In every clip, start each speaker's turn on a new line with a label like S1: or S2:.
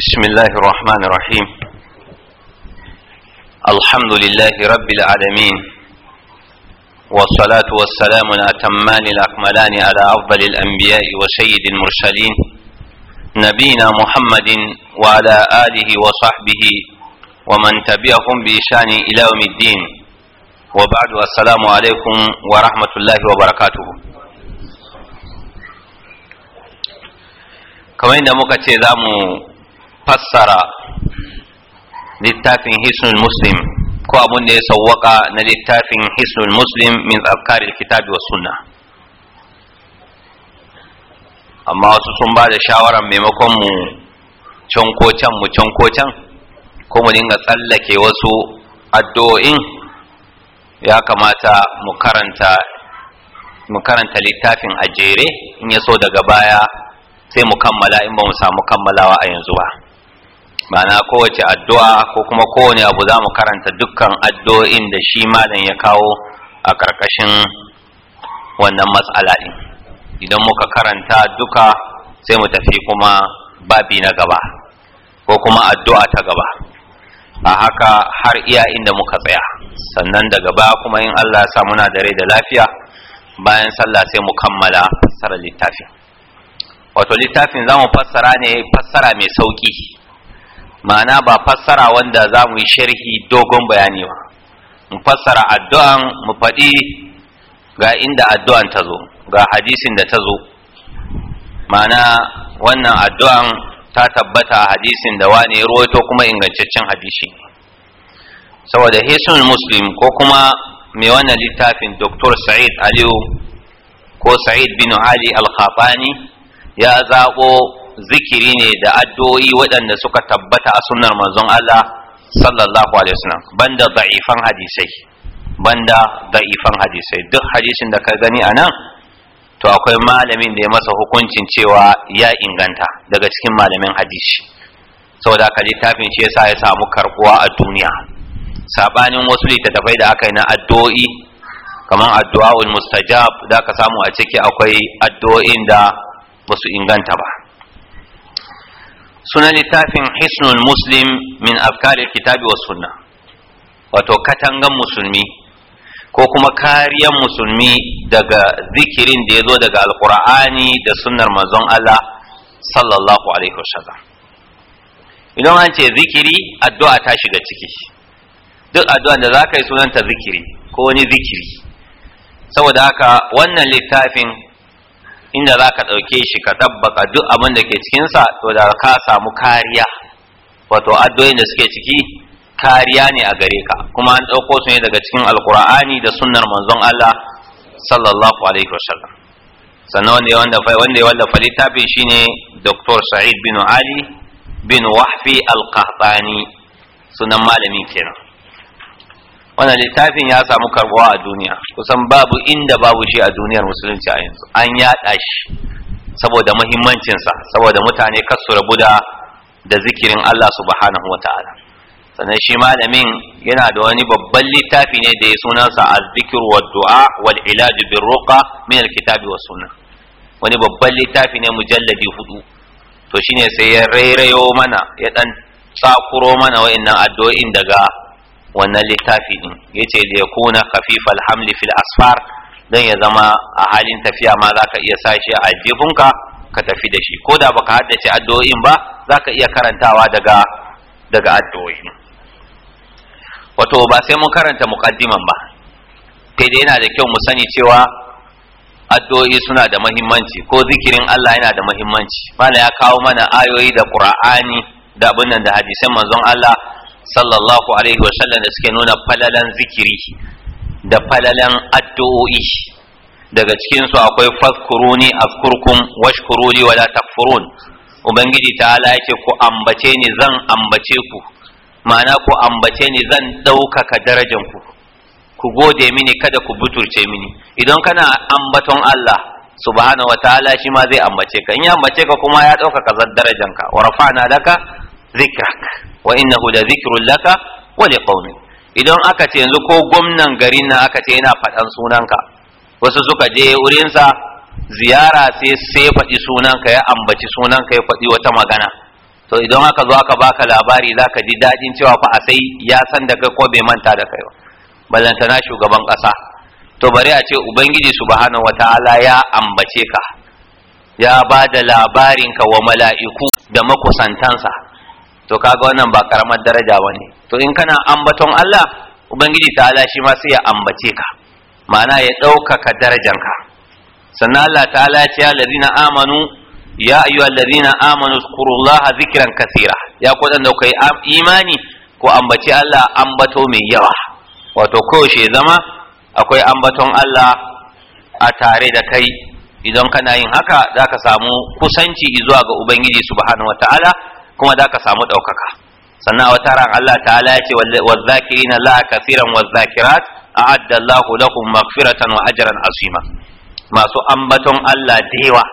S1: بسم الله الرحمن الرحيم الحمد لله رب العالمين والصلاة والسلام الأتمان الأكملان على أفضل الأنبياء وسيد المرسلين نبينا محمد وعلى آله وصحبه ومن تبعهم بإشان إلى يوم الدين وبعد السلام عليكم ورحمة الله وبركاته كما yadda muka fassara littafin hisnul muslim ko abun da ya sauwaka na littafin hisnul muslim min azkaril kitabi wa sunna amma wasu sun ba da shawarar maimakon mu canko can mu canko can ko mu dinga tsallake wasu addu'o'in ya kamata mu karanta mu karanta littafin a jere in ya so daga baya sai mu kammala in ba mu samu kammalawa a yanzu ba ma'ana kowace addu'a ko kuma kowane abu za mu karanta dukkan addu'o'in da shi malam ya kawo a ƙarƙashin wannan matsala ɗin idan muka karanta duka sai mu tafi kuma babi na gaba ko kuma addu'a ta gaba a haka har iya inda muka tsaya sannan daga baya kuma in Allah ya sa muna da rai da lafiya bayan sallah sai mu kammala fassara littafin wato littafin za mu fassara ne fassara mai sauƙi ma'ana ba fassara wanda za mu yi sharhi dogon bayani ba mu fassara addu'an mu faɗi ga inda addu'an ta zo ga hadisin da ta zo ma'ana wannan addu'an ta tabbata a hadisin da wani ya ruwaito kuma ingantaccen hadisi saboda hisun muslim ko kuma mai wannan littafin dr sa'id aliyu ko sa'id bin ali al-khafani ya zaɓo zikiri ne da addu'o'i waɗanda suka tabbata a sunnar manzon Allah sallallahu alaihi wasallam banda da'ifan hadisai banda da'ifan hadisai duk hadisin da ka gani anan to akwai malamin da ya masa hukuncin cewa ya inganta daga cikin malamin hadisi saboda ji littafin shi yasa ya samu karbuwa a duniya sabanin wasu littattafai da aka yi na addu'o'i kamar addu'a'ul mustajab da ka samu a ciki akwai addu'o'in da basu inganta ba Suna littafin hisnul muslim min afkarin kitabi wa sunna wato katangan musulmi ko kuma kariyan musulmi daga zikirin da ya zo daga alkur'ani da sunnar manzon Allah sallallahu alaihi wasallam idan an ce zikiri addu'a ta shiga ciki duk addu'a da za ka yi sunanta zikiri ko wani zikiri saboda haka wannan littafin inda za ka ɗauke shi ka tabbaka duk abin da ke cikinsa to da ka samu kariya wato addu'o'in da suke ciki kariya ne a gare ka kuma an ɗauko su ne daga cikin alkur'ani da sunnar manzon Allah sallallahu alaihi wasallam sannan wanda ya wallafa wanda ya wallafa littafin shine Dr. Sa'id bin Ali bin Wahfi al-Qahtani sunan malamin kenan wannan littafin ya samu karbuwa a duniya kusan babu inda babu shi a duniyar musulunci a yanzu an yaɗa shi saboda muhimmancinsa saboda mutane kasu rabu da da zikirin Allah subhanahu wa ta'ala sannan shi malamin yana da wani babban littafi ne da ya sunansa azzikir wa du'a wal ilaj bir ruqa min al kitabi wa sunna wani babban littafi ne mujalladi hudu to shine sai ya rairayo mana ya dan tsakuro mana wa'annan addu'o'in daga wannan littafi din yace da ya kuna khafifal hamli fil asfar dan ya zama a halin tafiya ma zaka iya sa shi a aljihunka ka tafi da shi ko da baka haddace addu'o'in ba zaka iya karantawa daga daga addu'o'in wato ba sai mun karanta muqaddiman ba sai dai yana da kyau mu sani cewa addu'o'i suna da muhimmanci ko zikirin Allah yana da muhimmanci mala ya kawo mana ayoyi da Qur'ani da abin da hadisan manzon Allah sallallahu alaihi wasallam da suke nuna falalan zikiri da falalan addu'o'i daga cikin su akwai fadkuruni azkurkum washkuruli wala takfurun ubangiji ta'ala yake ku ambace ni zan ambace ku ma'ana ku ambace ni zan ɗaukaka darajan ku ku gode mini kada ku buturce mini idan kana ambaton Allah subhanahu wa ta'ala shi ma zai ambace ka in ya ambace ka kuma ya ɗaukaka ka wa rafa'na laka zikrak wa hu da zikirun laka wa liqaumik idan aka ce yanzu ko gwamnan garin na aka ce yana faɗan sunanka wasu suka je wurinsa ziyara sai sai faɗi sunanka ya ambaci sunanka ya faɗi wata magana to idan aka zo aka baka labari ka ji daɗin cewa fa a sai ya san da kai ko bai manta da kai ba na shugaban ƙasa to bari a ce ubangiji subhanahu wataala ya ambace ka ya ba da labarinka wa mala'iku da makusantansa to kaga wannan ba karamar daraja ba ne to in kana ambaton Allah ubangiji ta'ala shi ma sai ya ambace ka ma'ana ya ɗaukaka darajanka sannan Allah ta'ala ya ce ya amanu ya ayu lazina amanu zkurullaha zikran kathira ya ko dan dauka imani ko ambace Allah ambato mai yawa wato she zama akwai ambaton Allah a tare da kai idan kana yin haka zaka samu kusanci zuwa ga ubangiji subhanahu wataala kuma za ka samu ɗaukaka sannan wata ran Allah ta'ala ya ce wazzakirina la kafiran wazzakirat a Allah lahum maghfiratan wa ajran azima masu ambaton Allah da yawa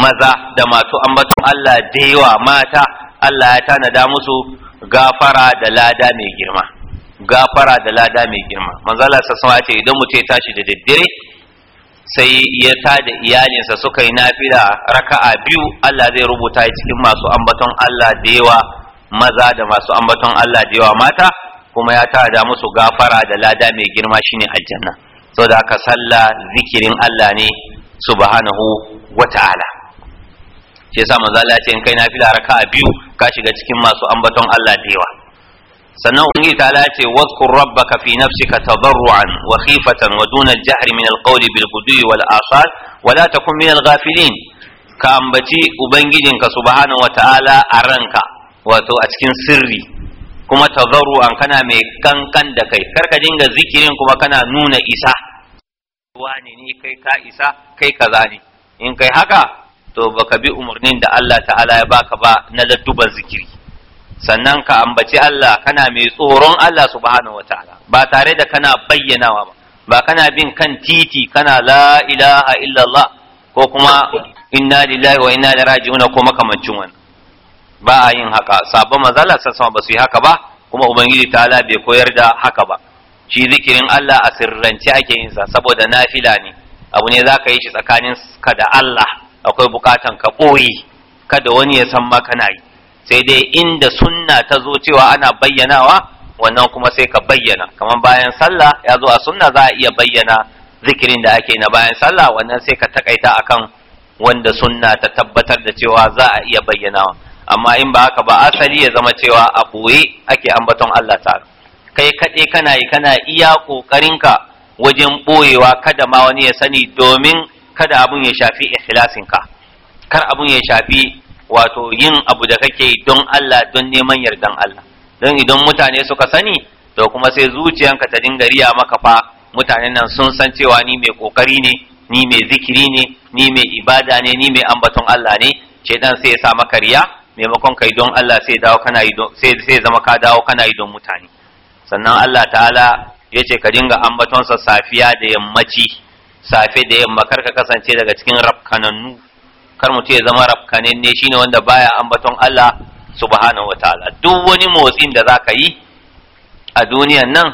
S1: maza da masu ambaton Allah da yawa mata Allah ya tanada musu gafara da lada mai girma gafara da lada mai girma manzo Allah ce idan mutum ya tashi da daddare sai ya ta da iyalinsa suka yi nafila raka'a biyu Allah zai rubuta cikin masu ambaton Allah da yawa maza da masu ambaton Allah da yawa mata kuma ya tada musu gafara da lada mai girma shine aljanna saboda haka sallah zikirin Allah ne subhanahu wata'ala shi yasa manzo Allah ya ce in kai nafila raka'a biyu ka shiga cikin masu ambaton Allah da yawa sannan ubangi ta lace wasu rabbaka fi nafsika tadarruan wa khifatan wa duna al-jahri min al bil ghudwi wal asar wa la takun min al ka ambaci ubangijinka subhanahu wa ta'ala a ranka wato a cikin sirri kuma tadarruan kana mai kankan da kai ka dinga zikirin kuma kana nuna isa wani ne kai ka isa kai kaza ne in kai haka to baka bi umarnin da Allah ta'ala ya baka ba na ladduban zikiri sannan ka ambaci Allah kana mai tsoron Allah subhanahu wataala ba tare da kana bayyanawa ba ba kana bin kan titi kana la ilaha illallah ko kuma inna lillahi wa inna ilaihi raji'un ko makamancin wannan ba a yin haka sabon mazala sassan ba su yi haka ba kuma ubangiji ta'ala bai koyar da haka ba shi zikirin Allah a sirrance ake yin sa saboda nafila ne abu ne zaka yi shi tsakanin ka da Allah akwai bukatan ka boye kada wani ya san ma kana yi sai dai inda sunna ta zo cewa ana bayyanawa wannan kuma sai ka bayyana kamar bayan sallah ya zo a sunna za a iya bayyana zikirin da ake na bayan sallah wannan sai ka takaita akan wanda sunna ta tabbatar da cewa za a iya bayyanawa amma in ba haka ba asali ya zama cewa a boye ake ambaton Allah Ta. kai kaɗai kana yi kana iya ƙoƙarinka wajen ɓoyewa kada ma wani ya sani domin kada abun ya shafi ikhlasinka kar abun ya shafi wato yin abu da kake don Allah don neman yardan Allah don idan mutane suka sani to kuma sai zuciyanka ta dinga riya maka fa mutanen nan sun san cewa ni mai kokari ne ni mai zikiri ne ni mai ibada ne ni mai ambaton Allah ne dan sai ya sa maka riya maimakon kai don Allah sai dawo kana yi don sai sai zama ka dawo kana yi don mutane sannan Allah ta'ala ya ce ka dinga ambaton sa safiya da yammaci safe da yamma karka kasance daga cikin rafkanannu kar mu ce zama rafkanenne shine wanda baya ambaton Allah subhanahu wataala duk wani motsin da zaka yi a duniyan nan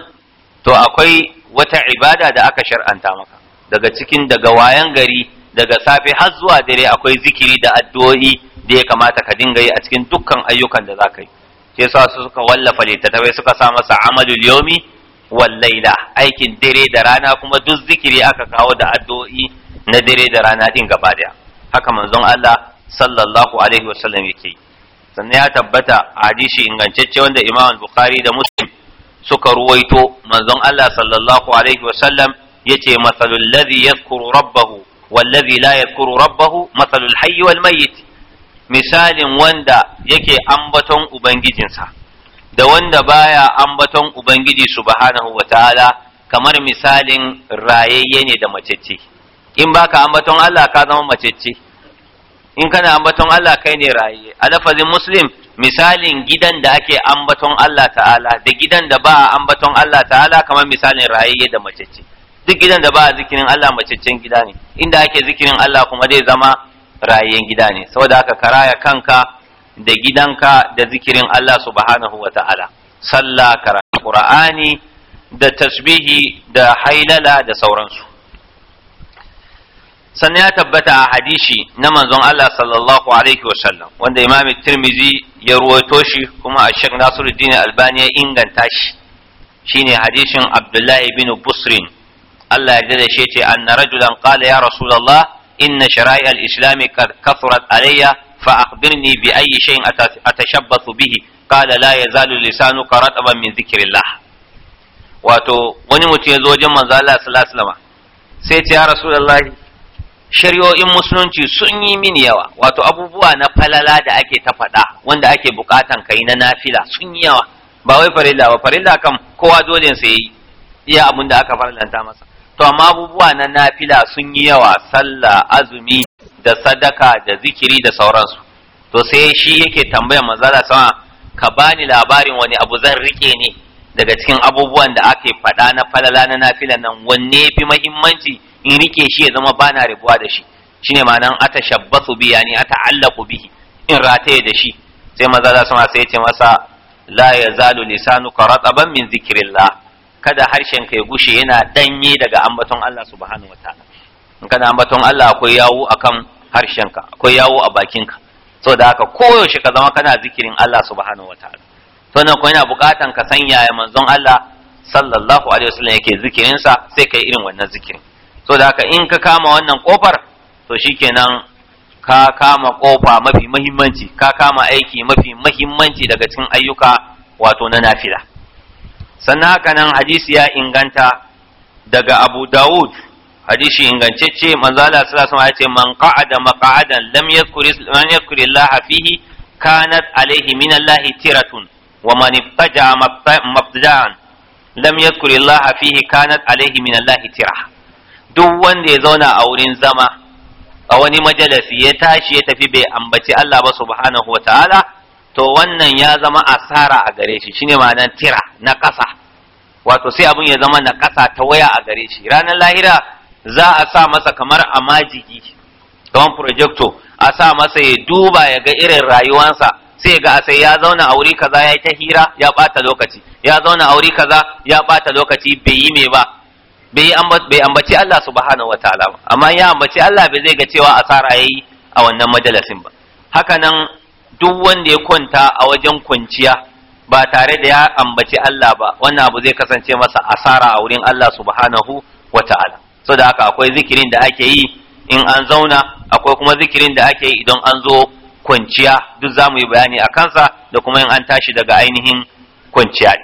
S1: to akwai wata ibada da aka shar'anta maka daga cikin daga wayan gari daga safe har zuwa dare akwai zikiri da addu'o'i da ya kamata ka dinga yi a cikin dukkan ayyukan da zaka yi sai sa su suka wallafa littattafai suka sa masa amalul yawmi wal laila aikin dare da rana kuma duk zikiri aka kawo da addu'o'i na dare da rana din gaba daya haka manzon Allah sallallahu alaihi wasallam yake yi sannan ya tabbata a hadisi ingantacce wanda Imam Bukhari da Muslim suka ruwaito manzon Allah sallallahu alaihi wasallam yace masalul ladhi yadhkuru rabbahu ladhi la yadhkuru rabbahu masalul hayy wal mayyit misalin wanda yake ambaton ubangijinsa da wanda baya ambaton ubangiji subhanahu wataala kamar misalin rayayye ne da macece in baka ambaton Allah ka zama macece in kana ambaton Allah kai ne raye a lafazin muslim misalin gidan da ake ambaton Allah ta'ala da gidan da ba ambaton Allah ta'ala kamar misalin raye da macece duk gidan da ba zikirin Allah macecen gida ne inda ake zikirin Allah kuma zai zama rayayyen gida ne saboda aka karaya kanka da gidanka da zikirin Allah subhanahu wa ta'ala sallah karatu qur'ani da tasbihi da hailala da sauransu sannan ya tabbata a hadishi na manzon Allah sallallahu alaihi wa sallam, wanda imam tirmizi ya ruwaito shi kuma a shek nasiruddin albani ya inganta shi shine hadishin abdullahi bin busrin Allah ya da shi ce anna rajulan qala ya rasulullah inna shara'i al-islam kathurat alayya fa akhbirni bi ayyi shay'in atashabbathu bihi qala la yazalu lisanuka rataban min dhikrillah wato wani mutum ya zo wajen manzo Allah sallallahu alaihi wasallam sai ya ce ya rasulullahi shari'o'in musulunci sun yi mini yawa wato abubuwa na falala da ake ta faɗa wanda ake bukatan kai na nafila sun yi yawa ba wai farilla ba farilla kam kowa dole sa yi iya abin da aka farlanta masa to amma abubuwa na nafila sun yi yawa sallah azumi da sadaka da zikiri da sauransu to sai shi yake tambayar manzala sama ka bani labarin wani abu zan rike ne daga cikin abubuwan da ake faɗa na falala na nafila nan wanne fi muhimmanci in rike shi ya zama bana rabuwa da shi shine ma'anan atashabbasu bi yani ata'allaqu bihi in rataye da shi sai maza za su ma sai ce masa la yazalu lisanuka rataban min zikrillah kada harshen ka ya gushe yana danye daga ambaton Allah subhanahu wataala in kana ambaton Allah akwai yawo akan harshen ka akwai yawo a bakin ka da haka koyaushe ka zama kana zikirin Allah subhanahu wataala sannan ko yana bukatan ka sanya ya manzon Allah sallallahu alaihi wasallam yake zikirin sa sai kai irin wannan zikirin To da haka in ka kama wannan kofar to shikenan ka kama kofa mafi mahimmanci ka kama aiki mafi mahimmanci daga cikin ayyuka wato na nafila sannan haka nan hadisi ya inganta daga abu dawud hadisi ingantacce manzo Allah sallallahu alaihi wasallam man qa'ada maq'adan lam yadhkur man yadhkur Allah fihi kanat alaihi min Allah tiratun wa man ibtaja mabtada'an lam yadhkur Allah fihi kanat alaihi min Allah tirah duk wanda ya zauna a wurin zama a wani majalisi ya tashi ya tafi bai ambaci Allah ba subhanahu wataala to wannan ya zama asara a gare shi shine ma'anar tira na ƙasa wato sai abin ya zama na ƙasa ta waya a gare shi ranar lahira za a sa masa kamar a majigi kamar projecto a sa masa ya duba ya ga irin rayuwansa sai ga sai ya zauna a wuri kaza ya yi ta hira ya ɓata lokaci ya zauna a wuri kaza ya ɓata lokaci bai yi mai ba bai ambaci Allah subhanahu ta'ala ba amma ya ambaci Allah bai zai ga cewa asara yayi a wannan majalisin ba haka nan duk wanda ya kwanta a wajen kwanciya ba tare da ya ambaci Allah ba wannan abu zai kasance masa asara a wurin Allah subhanahu wataala so da haka akwai zikirin da ake yi in an zauna akwai kuma zikirin da ake yi idan an zo kwanciya duk za mu yi bayani a kansa da kuma in an tashi daga ainihin kwanciya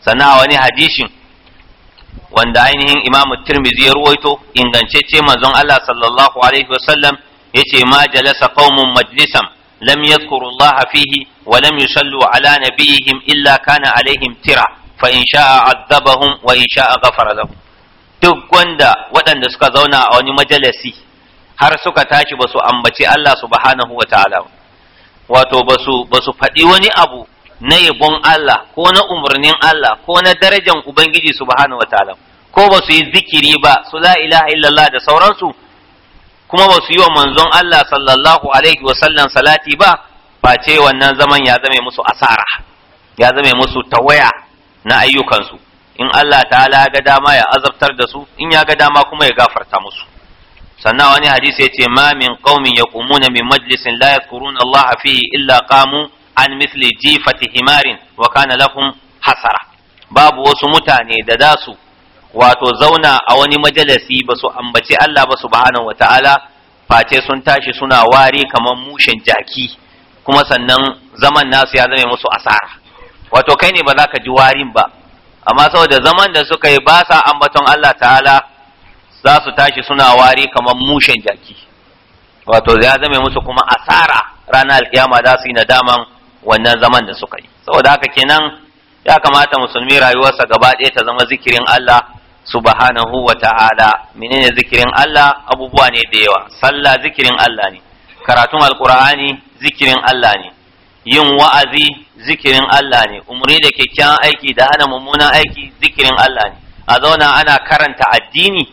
S1: sannan a wani hadishin wanda ainihin imam tirmidhi ya ruwaito ce manzon Allah sallallahu alaihi wasallam ce ma jalasa qaumun majlisan lam yadhkuru Allah fihi wa lam yusallu ala nabiyihim illa kana alaihim tira fa in sha'a adzabahum wa in sha'a ghafara lahum duk wanda waɗanda suka zauna a wani majalisi har suka tashi basu ambaci Allah subhanahu wa ta'ala wato basu basu faɗi wani abu na yabon Allah ko na umarnin Allah ko na darajan Ubangiji subhanahu wataala ko ba su yi zikiri ba su la ilaha illallah da sauransu kuma ba su yi wa manzon Allah sallallahu alaihi wasallam salati ba face wannan zaman ya zame musu asara ya zame musu tawaya na ayyukansu in Allah ta'ala ga dama ya azabtar da su in ya ga dama kuma ya gafarta musu sannan wani hadisi ya ce ma min qaumin yaqumuna min majlisin la yadhkuruna Allah fihi illa qamu an misli jifati himarin wa kana lahum hasara babu wasu mutane da za su wato zauna a wani majalisi ba su ambaci Allah ba subhanahu wata'ala face sun tashi suna ware kamar mushen jaki kuma sannan zaman nasu ya zame musu asara wato kai ne ba za ka ji warin ba amma saboda zaman da suka yi ba sa ambaton Allah ta'ala za su tashi suna wari kamar mushen jaki wato ya zame musu kuma asara ranar alkiyama za su yi nadaman wannan zaman da suka yi saboda haka kenan ya kamata musulmi rayuwarsa gaba ɗaya ta zama zikirin Allah subhanahu wa ta'ala menene zikirin Allah abubuwa ne da yawa sallah zikirin Allah ne karatun alqur'ani zikirin Allah ne yin wa'azi zikirin Allah ne umri da kyakkyawan aiki da hana mummunan aiki zikirin Allah ne a zauna ana karanta addini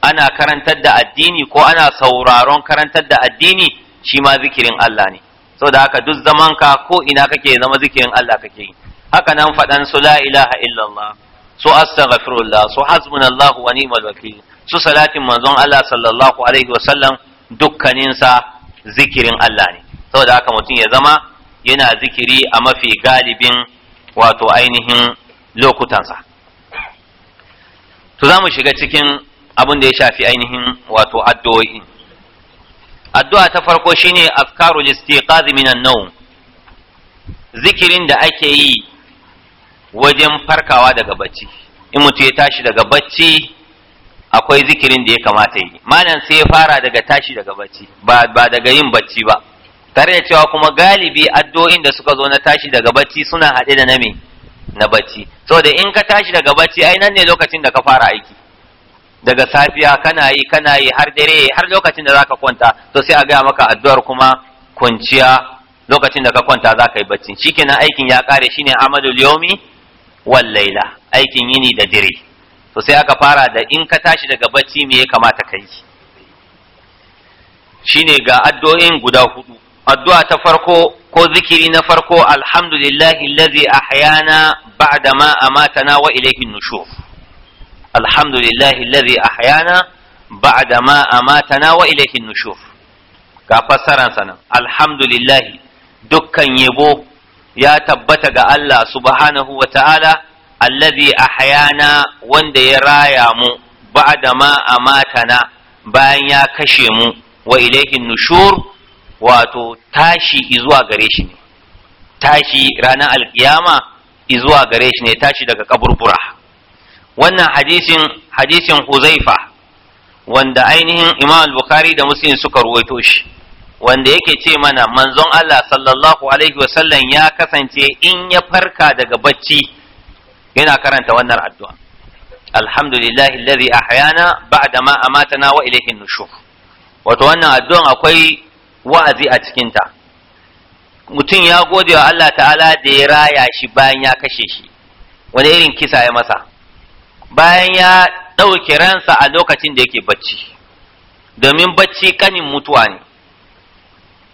S1: ana karantar da addini ko ana sauraron karantar da addini shi ma zikirin Allah ne da haka duk zamanka ko ina kake zama zikirin Allah kake yi haka nan faɗan su la ilaha illallah su astaghfirullah su hasbunallah wa ni'mal wakil su salatin manzon Allah sallallahu alaihi wasallam dukkanin sa zikirin Allah ne saboda haka mutum ya zama yana zikiri a mafi galibin wato ainihin lokutansa to za mu shiga cikin abin da ya shafi ainihin wato addu'o'i addu'a ta farko shine afkarul istiqaz minan nawm zikirin da ake yi wajen farkawa daga bacci in mutum ya tashi daga bacci akwai zikirin da ya kamata yi malam sai ya fara daga tashi daga bacci ba ba daga yin bacci ba tare da cewa kuma galibi addu'o'in da suka zo na tashi daga bacci suna haɗe da na me na bacci saboda in ka tashi daga bacci ai nan ne lokacin da ka fara aiki daga safiya kana yi kana yi har dare har lokacin da zaka kwanta to sai a gaya maka addu'ar kuma kwanciya lokacin da ka kwanta zaka yi bacci shikenan aikin ya kare shine amalul yawmi wal laila aikin yini da dare to sai aka fara da in ka tashi daga bacci me ya kamata ka yi shine ga addu'o'in guda hudu addu'a ta farko ko zikiri na farko alhamdulillahi allazi ahyana ba'da ma amatana wa ilayhin nushur alhamdulillahi alladhi ahyana ba'da ma dukkan yabo ya tabbata ga Allah subhanahu wa ta'ala alladhi ahyana wanda ya raya mu ba'da ma amatana bayan ya kashe mu wa ilayhi nushur wato tashi izuwa gare shi ne tashi ranar alkiyama izuwa gare shi ne tashi daga kaburbura wannan hadisin hadisin huzaifa wanda ainihin imam bukhari da muslim suka ruwaito shi wanda yake ce mana manzon Allah sallallahu alaihi wasallam ya kasance in ya farka daga bacci yana karanta wannan addu'a alhamdulillahi alladhi ahyana ba'da ma amatana wa ilayhi nushur wato wannan addu'an akwai wa'azi a cikin ta mutum ya gode wa Allah ta'ala da ya raya shi bayan ya kashe shi wani irin kisa ya masa bayan ya ɗauke ransa a lokacin da yake bacci domin bacci kanin mutuwa ne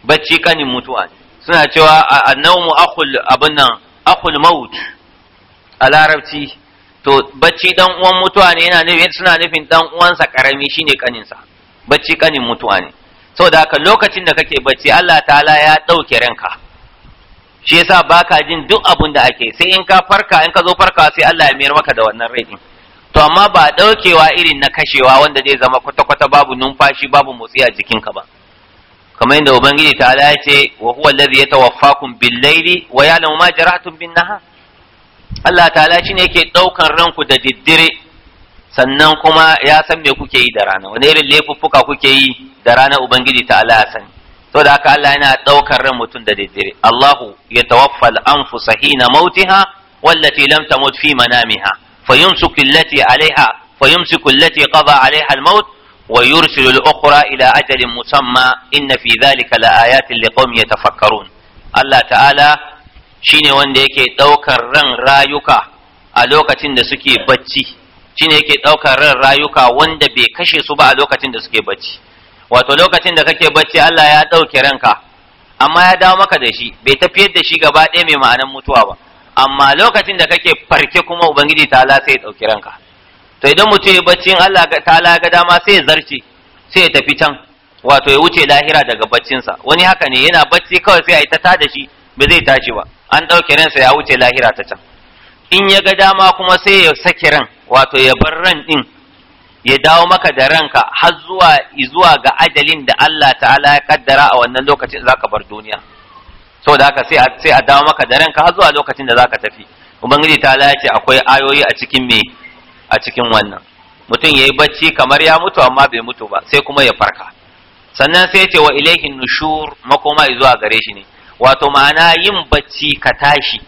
S1: bacci kanin mutuwa ne suna cewa annawmu akul abin nan akul maut a larabci to bacci dan uwan mutuwa ne yana nufin suna nufin dan uwansa karami shine kaninsa bacci kanin mutuwa ne saboda haka lokacin da kake bacci Allah ta'ala ya ɗauke ranka shi yasa baka jin duk abin da ake sai in ka farka in ka zo farka sai Allah ya mayar maka da wannan rai to amma ba ɗaukewa irin na kashewa wanda zai zama kwata-kwata babu numfashi babu motsi a jikinka ba kamar yadda ubangiji ta ala ya ce wa huwa allazi yatawaffakum bil laili wa ya'lamu ma jara'tum bin nahar Allah ta'ala shine yake daukan ranku da diddire sannan kuma ya san me kuke yi da rana wani irin laifuffuka kuke yi da rana ubangiji ta'ala ya sani to da haka Allah yana ɗaukar ran mutum da diddire Allahu yatawaffa al anfusa hina mautiha wallati lam tamut fi manamiha فيمسك التي عليها فيمسك التي قضى عليها الموت ويرسل الأخرى إلى أجل مسمى إن في ذلك لآيات لقوم يتفكرون الله تعالى shine wanda yake ɗaukar ran rayuka a lokacin da suke bacci shine yake ɗaukar ran rayuka wanda bai kashe su ba a lokacin da suke bacci wato lokacin da kake bacci Allah ya ɗauke ranka amma ya dawo maka da shi bai tafiyar da shi gaba ɗaya mai ma'anan mutuwa ba amma lokacin da kake farke kuma ubangiji ta'ala sai ya dauki ranka to idan mutum ya bacci in Allah ta'ala ga dama sai ya zarce sai ya tafi can wato ya wuce lahira daga baccinsa wani haka ne yana bacci kawai sai a yi ta da shi ba zai tashi ba an ɗauke ransa ya wuce lahira ta can in ya ga dama kuma sai ya saki ran wato ya bar ran ɗin ya dawo maka da ranka har zuwa zuwa ga ajalin da Allah ta'ala ya kaddara a wannan lokacin zaka bar duniya saboda haka sai a sai a dawo maka da ranka har zuwa lokacin da za ka tafi ubangiji ta lace akwai ayoyi a cikin me a cikin wannan mutum yayi bacci kamar ya mutu amma bai mutu ba sai kuma ya farka sannan sai ce wa ilaihin nushur makoma zuwa gare shi ne wato ma'ana yin bacci ka tashi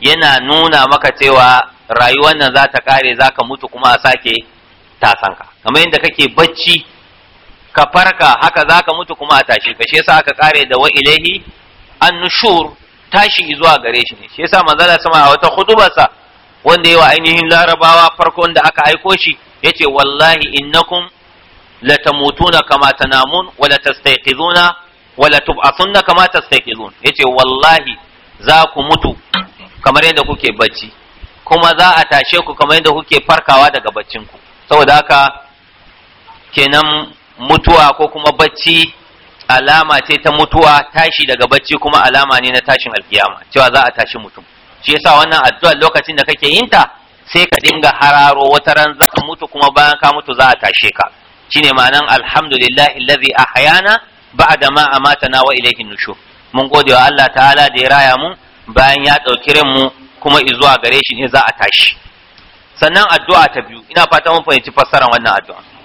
S1: yana nuna maka cewa rayuwar nan za ta kare za ka mutu kuma a sake tasanka kamar yadda kake bacci ka farka haka za ka mutu kuma a tashi ka shi yasa aka kare da wa ilaihi An annushur tashi zuwa gare shi ne shi yasa manzala sama a wata khutubarsa wanda yawa ainihin larabawa farko da aka aiko shi yace wallahi innakum latamutuna kama tanamun wa latastayqizuna wa latub'athunna kama tastayqizun yace wallahi za ku mutu kamar yadda kuke bacci kuma za a tashe ku kamar yadda kuke farkawa daga baccin ku saboda haka kenan mutuwa ko kuma bacci alama ce ta mutuwa tashi daga bacci kuma alama ne na tashin alkiyama cewa za a tashi mutum shi yasa wannan addu'a lokacin da kake yin ta sai ka dinga hararo wata ran za ka mutu kuma bayan ka mutu za a tashe ka shine ma'anan alhamdulillahi allazi ahyana ba'da ma amatana wa ilayhi nushur mun gode wa Allah ta'ala da ya raya mu bayan ya dauki ran mu kuma izuwa gare shi ne za a tashi sannan addu'a ta biyu ina fata mun fahimci fassarar wannan addu'a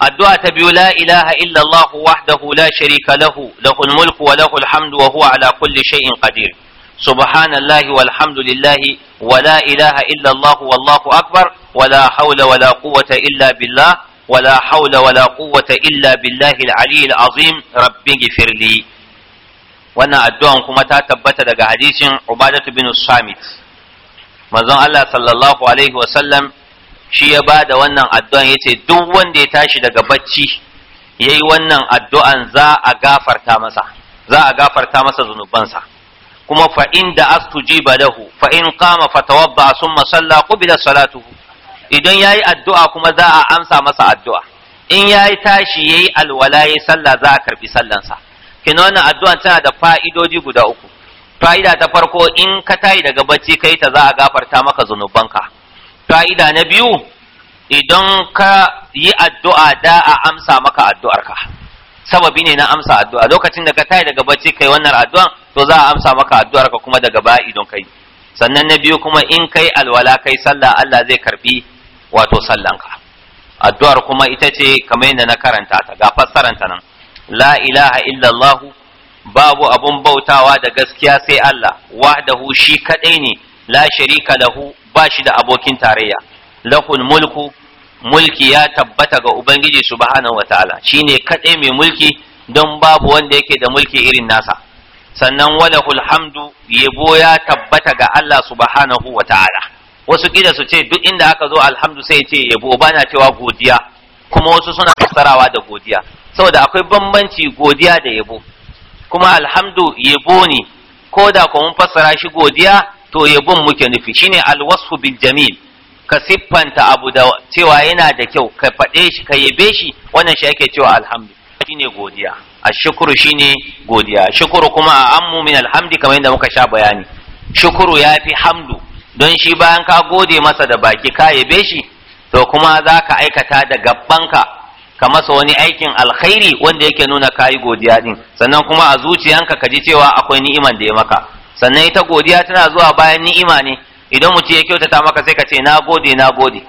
S1: addu'a ta biyu la ilaha illallah wahdahu la sharika lahu lahul mulku wa lahul hamdu wa huwa ala kulli shay'in qadir subhanallahi walhamdulillahi wa la ilaha illallah wallahu akbar wa la hawla wa la quwwata illa billah wa la hawla wa la quwwata illa billahi al-aliyyil azim rabbi ghfirli wannan addu'an kuma ta tabbata daga hadisin ubadatu bin samit manzon Allah sallallahu alaihi wa sallam shi ya ba da wannan addu'an ya ce duk wanda ya tashi daga bacci ya yi wannan addu'an za a gafarta masa za a gafarta masa zunubansa kuma fa'in da ba dahu, fa'in kama ba sun masalla da salatu. idan ya yi addu'a kuma za a amsa masa addu'a in ya yi tashi ya yi alwala ya yi sallah za a karɓi sallansa kina wannan addu'an tana da fa'idodi guda uku fa'ida ta farko in ka tashi daga bacci kai ta za a gafarta maka zunubanka Ka'ida na biyu idan ka yi addu'a da a amsa maka addu'arka sababi ne na amsa addu'a lokacin da ka tayi daga bacci kai wannan addu'an to za a amsa maka addu'arka kuma daga baya idan kai sannan na biyu kuma in kai alwala kai sallah Allah zai karbi wato sallanka addu'ar kuma ita ce kamar yadda na karanta ta ga fassaranta nan la ilaha illallah babu abun bautawa da gaskiya sai Allah wahdahu shi kadai ne la sharika lahu ba shi da abokin tarayya lahul mulku mulki ya tabbata ga ubangiji subhanahu wataala shine kadai mai mulki don babu wanda yake da mulki irin nasa sannan walahul hamdu yabo ya tabbata ga Allah subhanahu wataala wasu kida su ce duk inda aka zo alhamdu sai ce yabo bana cewa godiya kuma wasu suna fassarawa da godiya saboda akwai bambanci godiya da yabo kuma alhamdu yabo ne ko da kuma mun fassara shi godiya to yabon muke nufi shine alwasfu bil jamil ka siffanta abu da cewa yana da kyau ka faɗe shi ka yabe shi wannan shi ake cewa alhamdu shine godiya ashkuru shine godiya shukuru kuma ammu min alhamdi kamar yadda muka sha bayani shukuru ya fi hamdu don shi bayan ka gode masa da baki ka yabe shi to kuma za ka aikata da gabbanka ka masa wani aikin alkhairi wanda yake nuna kayi godiya din sannan kuma a zuciyanka ka ji cewa akwai ni'iman da ya maka sannan ita godiya tana zuwa bayan ni'ima ne idan mutum ya kyautata maka sai ka ce na gode na gode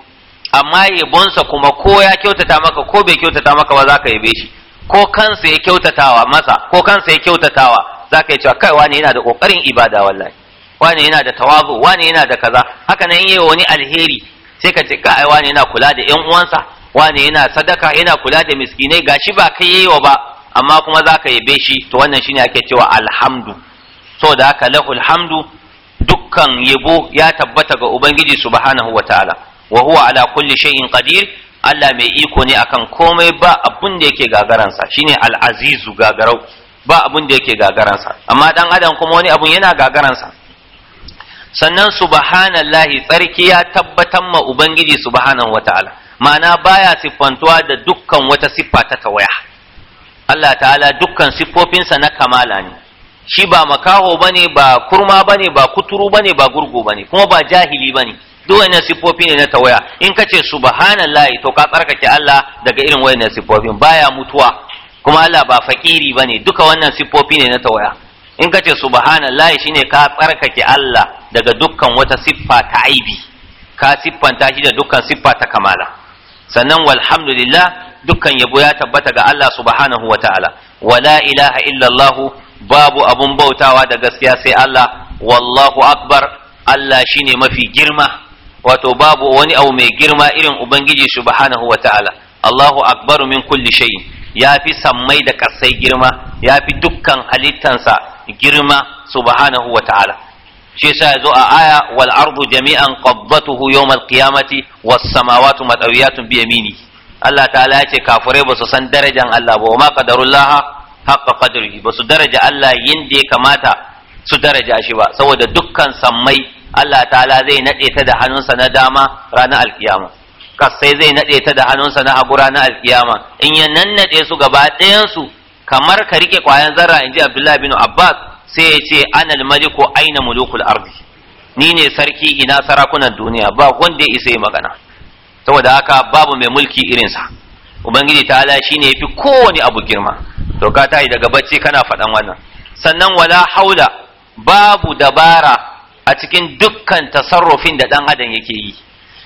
S1: amma yabonsa kuma ko ya kyautata maka ko bai kyautata maka ba za ka yabe shi ko kansa ya kyautatawa masa ko kansa ya kyautatawa za ka yi cewa kai wani yana da ƙoƙarin ibada wallahi wani yana da tawazu wani yana da kaza haka nan yi wani alheri sai ka ce kai wani yana kula da 'yan uwansa wani yana sadaka yana kula da miskinai gashi ba kai yi wa ba amma kuma za ka yabe shi to wannan shine ake cewa alhamdu da haka lahul hamdu dukkan yabo ya tabbata ga ubangiji subhanahu wataala wa huwa ala kulli shay'in qadir Allah mai iko ne akan komai ba abun da yake gagaransa shine al-azizu gagarau ba abun da yake gagaransa amma dan adam kuma wani abun yana gagaransa sannan subhanallahi tsarki ya tabbatar ma ubangiji subhanahu wataala ma'ana baya siffantuwa da dukkan wata siffa ta tawaya Allah ta'ala dukkan siffofinsa na kamala ne shi ba makaho ba ne, ba kurma ba ne, ba kuturu ba ne, ba gurgu ba ne, kuma ba jahili ba ne duk wannan siffofi ne na tawaya in ka kace subhanallahi to ka tsarkake Allah daga irin wayannan siffofin baya mutuwa kuma Allah ba fakiri ne. duka wannan siffofi ne na tawaya in ka kace subhanallahi shine ka tsarkake Allah daga dukkan wata siffa ta aibi ka siffanta shi da dukkan siffa ta kamala sannan walhamdulillah dukkan yabo ya tabbata ga Allah subhanahu wa ta'ala wala ilaha illallah babu abun bautawa da gaskiya sai Allah wallahu akbar Allah shine mafi girma wato babu wani abu mai girma irin ubangiji subhanahu wataala Allahu akbaru min kulli shay ya fi sammai da kasai girma ya fi dukkan halittansa girma subhanahu wataala shi yasa yazo a aya wal ardu jami'an qabdatuhu yawm al qiyamati was samawati matawiyatun bi yamini Allah ta'ala ya ce kafirai ba su san darajan Allah ba wa ma qadarullaha Haƙa qadrihi ba su daraja Allah da ya kamata su daraja shi ba saboda dukkan sammai Allah ta'ala zai naɗe ta da hannunsa na dama ranar alkiyama kasai zai naɗe ta da hannunsa na hagu ranar alkiyama in ya naɗe su gaba ɗayansu kamar ka rike ƙwayan zarra in ji Abdullahi bin Abbas sai ya ce anal maliku aina mulukul ardi ni ne sarki ina sarakunan duniya ba wanda ya isa magana saboda haka babu mai mulki irinsa ubangiji ta'ala ya fi kowane abu girma to ka tashi daga bacci kana faɗan wannan sannan wala haula babu dabara a cikin dukkan tasarrufin da ɗan adam yake yi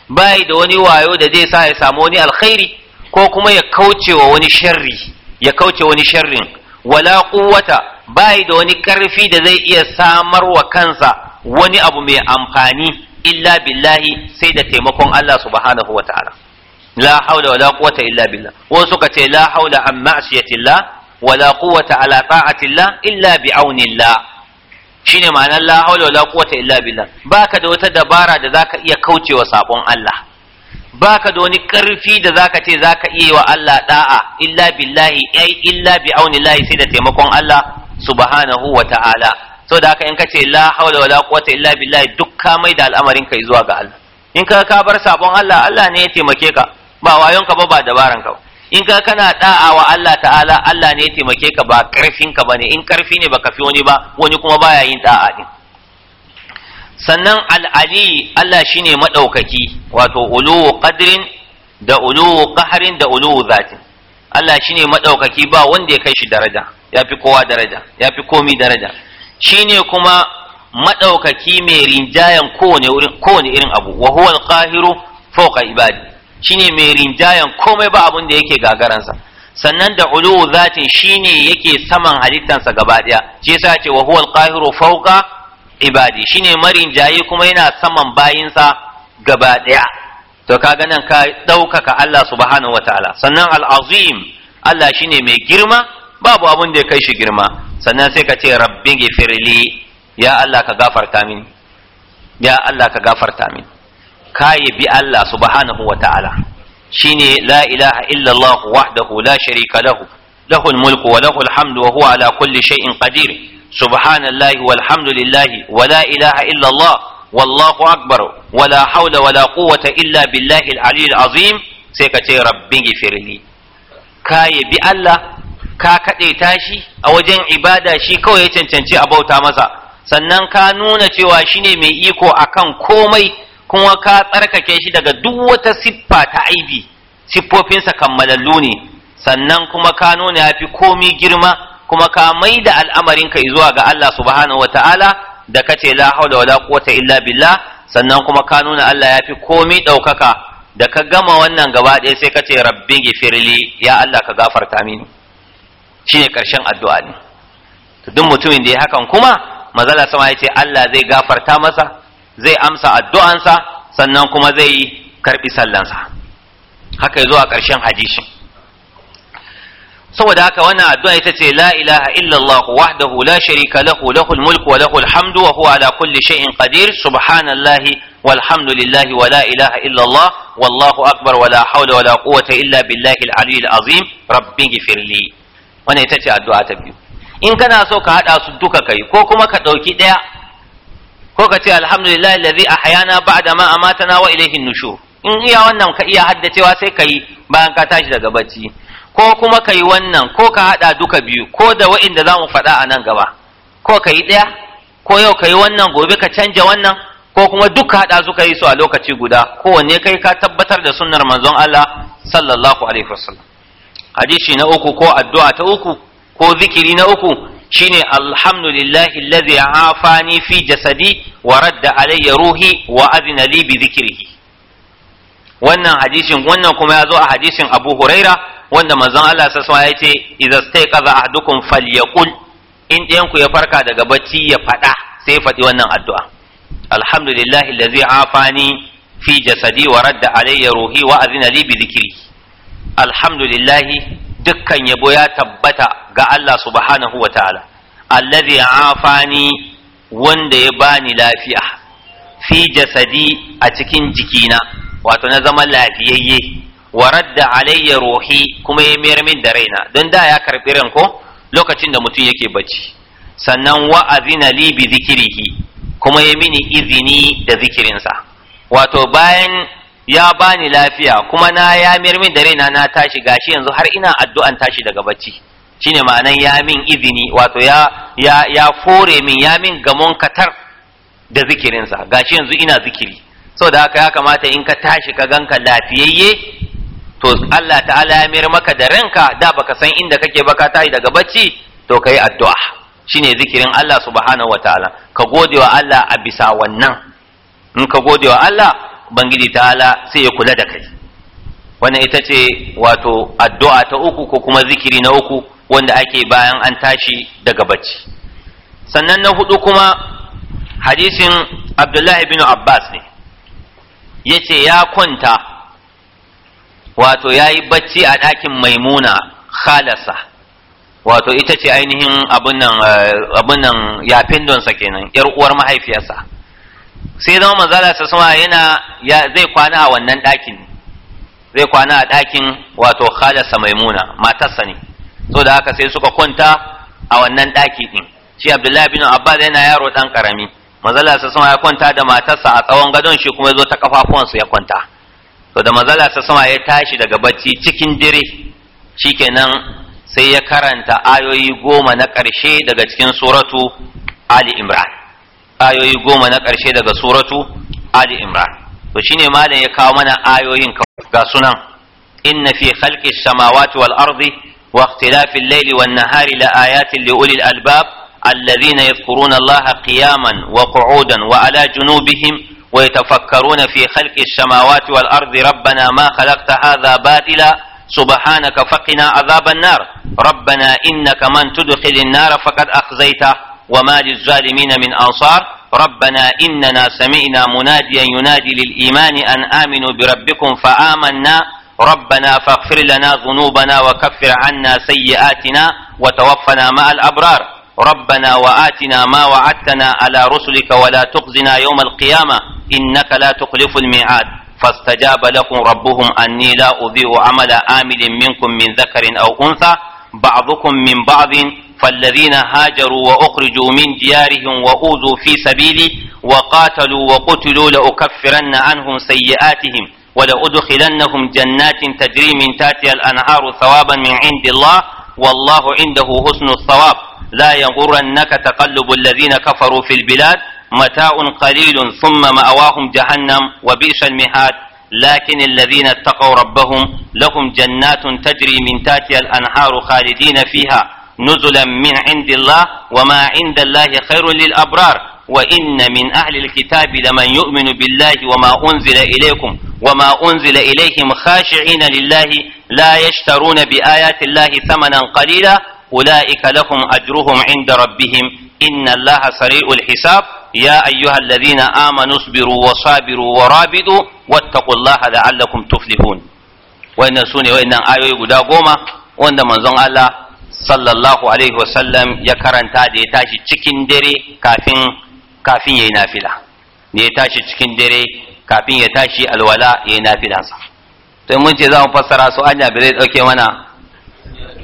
S1: bayi da wani wayo da zai sa ya samu wani alkhairi ko kuma ya kauce wa wani sharri ya kauce wani sharrin wala quwwata bai da wani karfi da zai iya samar wa kansa wani abu mai amfani illa billahi sai da taimakon Allah subhanahu wa ta'ala la haula wala quwwata illa billah wasu suka ce la haula an ma'siyatillah wala quwwata ala ta'atillah illa bi aunillah shine ma'anar la haula wala quwwata illa billah baka da wata dabara da zaka iya kaucewa sabon Allah baka da wani karfi da zaka ce zaka iya wa Allah da'a illa billahi ai illa bi aunillahi sai da taimakon Allah subhanahu wa ta'ala so da haka in kace la haula wala quwwata illa billahi duk ka mai da al'amarin ka zuwa ga Allah in ka ka bar sabon Allah Allah ne ya taimake ka ba wayonka ba ba dabaran ka ba in ka kana da'a wa Allah ta'ala Allah ne ya taimake ka ba karfin ka bane in karfi ne baka fi wani ba wani kuma baya yin da'a din sannan al'ali Allah shine madaukaki wato ulu qadrin da uluwu qahrin da ulu zatin Allah shine madaukaki ba wanda ya kai shi daraja ya fi kowa daraja ya fi komi daraja shine kuma madaukaki mai rinjayen kowane irin abu wa huwa al-qahiru fawqa ibadi shine mai rinjayen komai ba abin da yake gagaransa sannan da ulu zatin shine yake saman halittansa gaba daya shi yasa ce wa huwal qahiru fawqa ibadi shine marinjayi kuma yana saman bayinsa gaba daya to kaga nan ka ɗaukaka Allah subhanahu wataala sannan al-azim Allah shine mai girma babu abin da ya kai shi girma sannan sai ka ce rabbi gifirli ya Allah ka gafarta min ya Allah ka gafarta mini ka yabi Allah subhanahu wa ta'ala shine la ilaha illa wahdahu la sharika lahu lahul mulku wa lahul hamdu wa huwa ala kulli shay'in qadir subhanallahi walhamdulillahi wa la ilaha illa wallahu akbar wa la hawla wa la quwwata illa billahi al-ali azim sai ka ce rabbi gifirli ka yabi Allah ka kaɗaita shi a wajen ibada shi kawai ya cancanci a bauta masa sannan ka nuna cewa shine mai iko akan komai kuma ka tsarkake shi daga duk wata siffa ta aibi siffofinsa kammalallu ne sannan kuma ka nuna ya fi komi girma kuma ka mai da al'amarinka zuwa ga Allah subhanahu wa ta'ala da ka ce la haula wala quwwata illa billah sannan kuma ka nuna Allah ya fi komi ɗaukaka da ka gama wannan gaba ɗaya sai ka ce rabbi gifirli ya Allah ka gafarta mini shine karshen addu'a ne duk mutumin da ya hakan kuma mazala sama ya ce Allah zai gafarta masa zai amsa addu'ansa sannan kuma zai karbi sallansa haka yazo a ƙarshen hadisi saboda haka wannan addu'a ita ce la ilaha illallah wahdahu la sharika lahu lahul mulku wa lahul hamdu wa huwa ala kulli shay'in qadir subhanallahi walhamdulillahi wa la ilaha illallah wallahu akbar wa la hawla wa la quwwata illa billahi al azim rabbi ghfirli wannan ita ce addu'a ta biyu in kana so ka hada su duka kai ko kuma ka dauki daya ko ka ce alhamdulillahi allazi ahyana ba'da ma amatana wa ilayhi nushur in iya wannan ka iya haddacewa sai ka yi bayan ka tashi daga bacci ko kuma ka yi wannan ko ka hada duka biyu ko da wa'inda za mu faɗa a nan gaba ko ka yi ɗaya ko yau ka yi wannan gobe ka canja wannan ko kuma duka hada su ka yi su a lokaci guda kowanne kai ka tabbatar da sunnar manzon Allah sallallahu alaihi wasallam hadisi na uku ko addu'a ta uku ko zikiri na uku shine alhamdulillahi allazi afani fi jasadi wa radda alayya ruhi wa adina li bi dhikrihi wannan hadisin wannan kuma ya zo a hadisin Abu Huraira wanda manzon Allah sa ya ce idza stayqaza ahdukum falyaqul in ɗayan ku ya farka daga bacci ya faɗa sai faɗi wannan addu'a alhamdulillahi allazi afani fi jasadi wa radda alayya ruhi wa adina li bi dhikrihi alhamdulillahi dukkan yabo ya tabbata ga Allah subhanahu wa ta'ala allazi afani wanda ya bani lafiya fi jasadi a cikin jikina wato na zama lafiyayye warar da alayya ruhi kuma ya mayar min da raina don da ya karɓi ran ko lokacin da mutum yake bacci sannan wa azina li bi zikrihi kuma ya mini izini da zikirinsa wato bayan ya bani lafiya kuma na ya min da raina na tashi gashi yanzu har ina addu'an tashi daga bacci shine ma'anan ya min izini wato ya ya ya fore min ya min gamon katar da zikirinsa gashi yanzu ina zikiri saboda haka ya kamata in ka tashi ka ganka lafiyayye to Allah ta'ala ya mir maka da ranka da baka san inda kake ba ka tashi daga bacci to kai addu'a shine zikirin Allah subhanahu wataala ka gode wa Allah a bisa wannan in ka gode wa Allah ubangiji ta'ala sai ya kula da kai wannan ita ce wato addu'a ta uku ko kuma zikiri na uku wanda ake bayan an tashi daga bacci sannan na hudu kuma hadisin abdullahi bin abbas ne yace ya kwanta wato ya yi bacci a dakin maimuna khalasa wato ita ce ainihin abin nan eh, yafin donsa kenan yar uwar mahaifiyarsa sai zama manzala sa sama yana zai kwana a wannan ɗakin zai kwana a ɗakin wato khalasa maimuna matarsa ne so da haka sai suka kwanta a wannan ɗaki ɗin shi abdullahi bin abbas yana yaro ɗan ƙarami manzala sa sama ya kwanta da matarsa a tsawon gadon shi kuma ya zo ta kafafuwansu ya kwanta to da manzala sa sama ya tashi daga bacci cikin dire shikenan sai ya karanta ayoyi goma na ƙarshe daga cikin suratu ali imran ayoyi goma na ƙarshe daga suratu ali imran to shine malam ya kawo mana ayoyin ga sunan inna fi khalqi samawati wal ardi wa ikhtilafi al-layli wan nahari la ayatin li ulil albab alladhina yadhkuruna allaha qiyaman wa qu'udan wa ala junubihim wa yatafakkaruna fi khalqi samawati wal ardi rabbana ma khalaqta hadha batila subhanaka faqina adhaban nar rabbana innaka man تدخل nar faqad أخزيته وما للظالمين من أنصار ربنا إننا سمعنا مناديا ينادي للإيمان أن آمنوا بربكم فآمنا ربنا فاغفر لنا ذنوبنا وكفر عنا سيئاتنا وتوفنا مع الأبرار ربنا وآتنا ما وعدتنا على رسلك ولا تخزنا يوم القيامة إنك لا تخلف الميعاد فاستجاب لكم ربهم أني لا أضيء عمل آمل منكم من ذكر أو أنثى بعضكم من بعض فالذين هاجروا وأخرجوا من ديارهم وأوذوا في سبيلي وقاتلوا وقتلوا لأكفرن عنهم سيئاتهم ولأدخلنهم جنات تجري من تاتي الأنهار ثوابا من عند الله والله عنده حسن الثواب لا يغرنك تقلب الذين كفروا في البلاد متاع قليل ثم مأواهم جهنم وبئس المهاد لكن الذين اتقوا ربهم لهم جنات تجري من تاتي الأنهار خالدين فيها نزلا من عند الله وما عند الله خير للأبرار وإن من أهل الكتاب لمن يؤمن بالله وما أنزل إليكم وما أنزل إليهم خاشعين لله لا يشترون بآيات الله ثمنا قليلا أولئك لهم أجرهم عند ربهم إن الله سريع الحساب يا أيها الذين آمنوا اصبروا وصابروا ورابدوا واتقوا الله لعلكم تفلحون وإن سوني وإن آيوي قدا قوما وإن منزون الله sallallahu alaihi wasallam ya karanta da ya tashi cikin dare kafin kafin yayi nafila ne ya tashi cikin dare kafin ya tashi alwala yayi nafilan sa to mun ce za mu fassara su anya bai zai dauke mana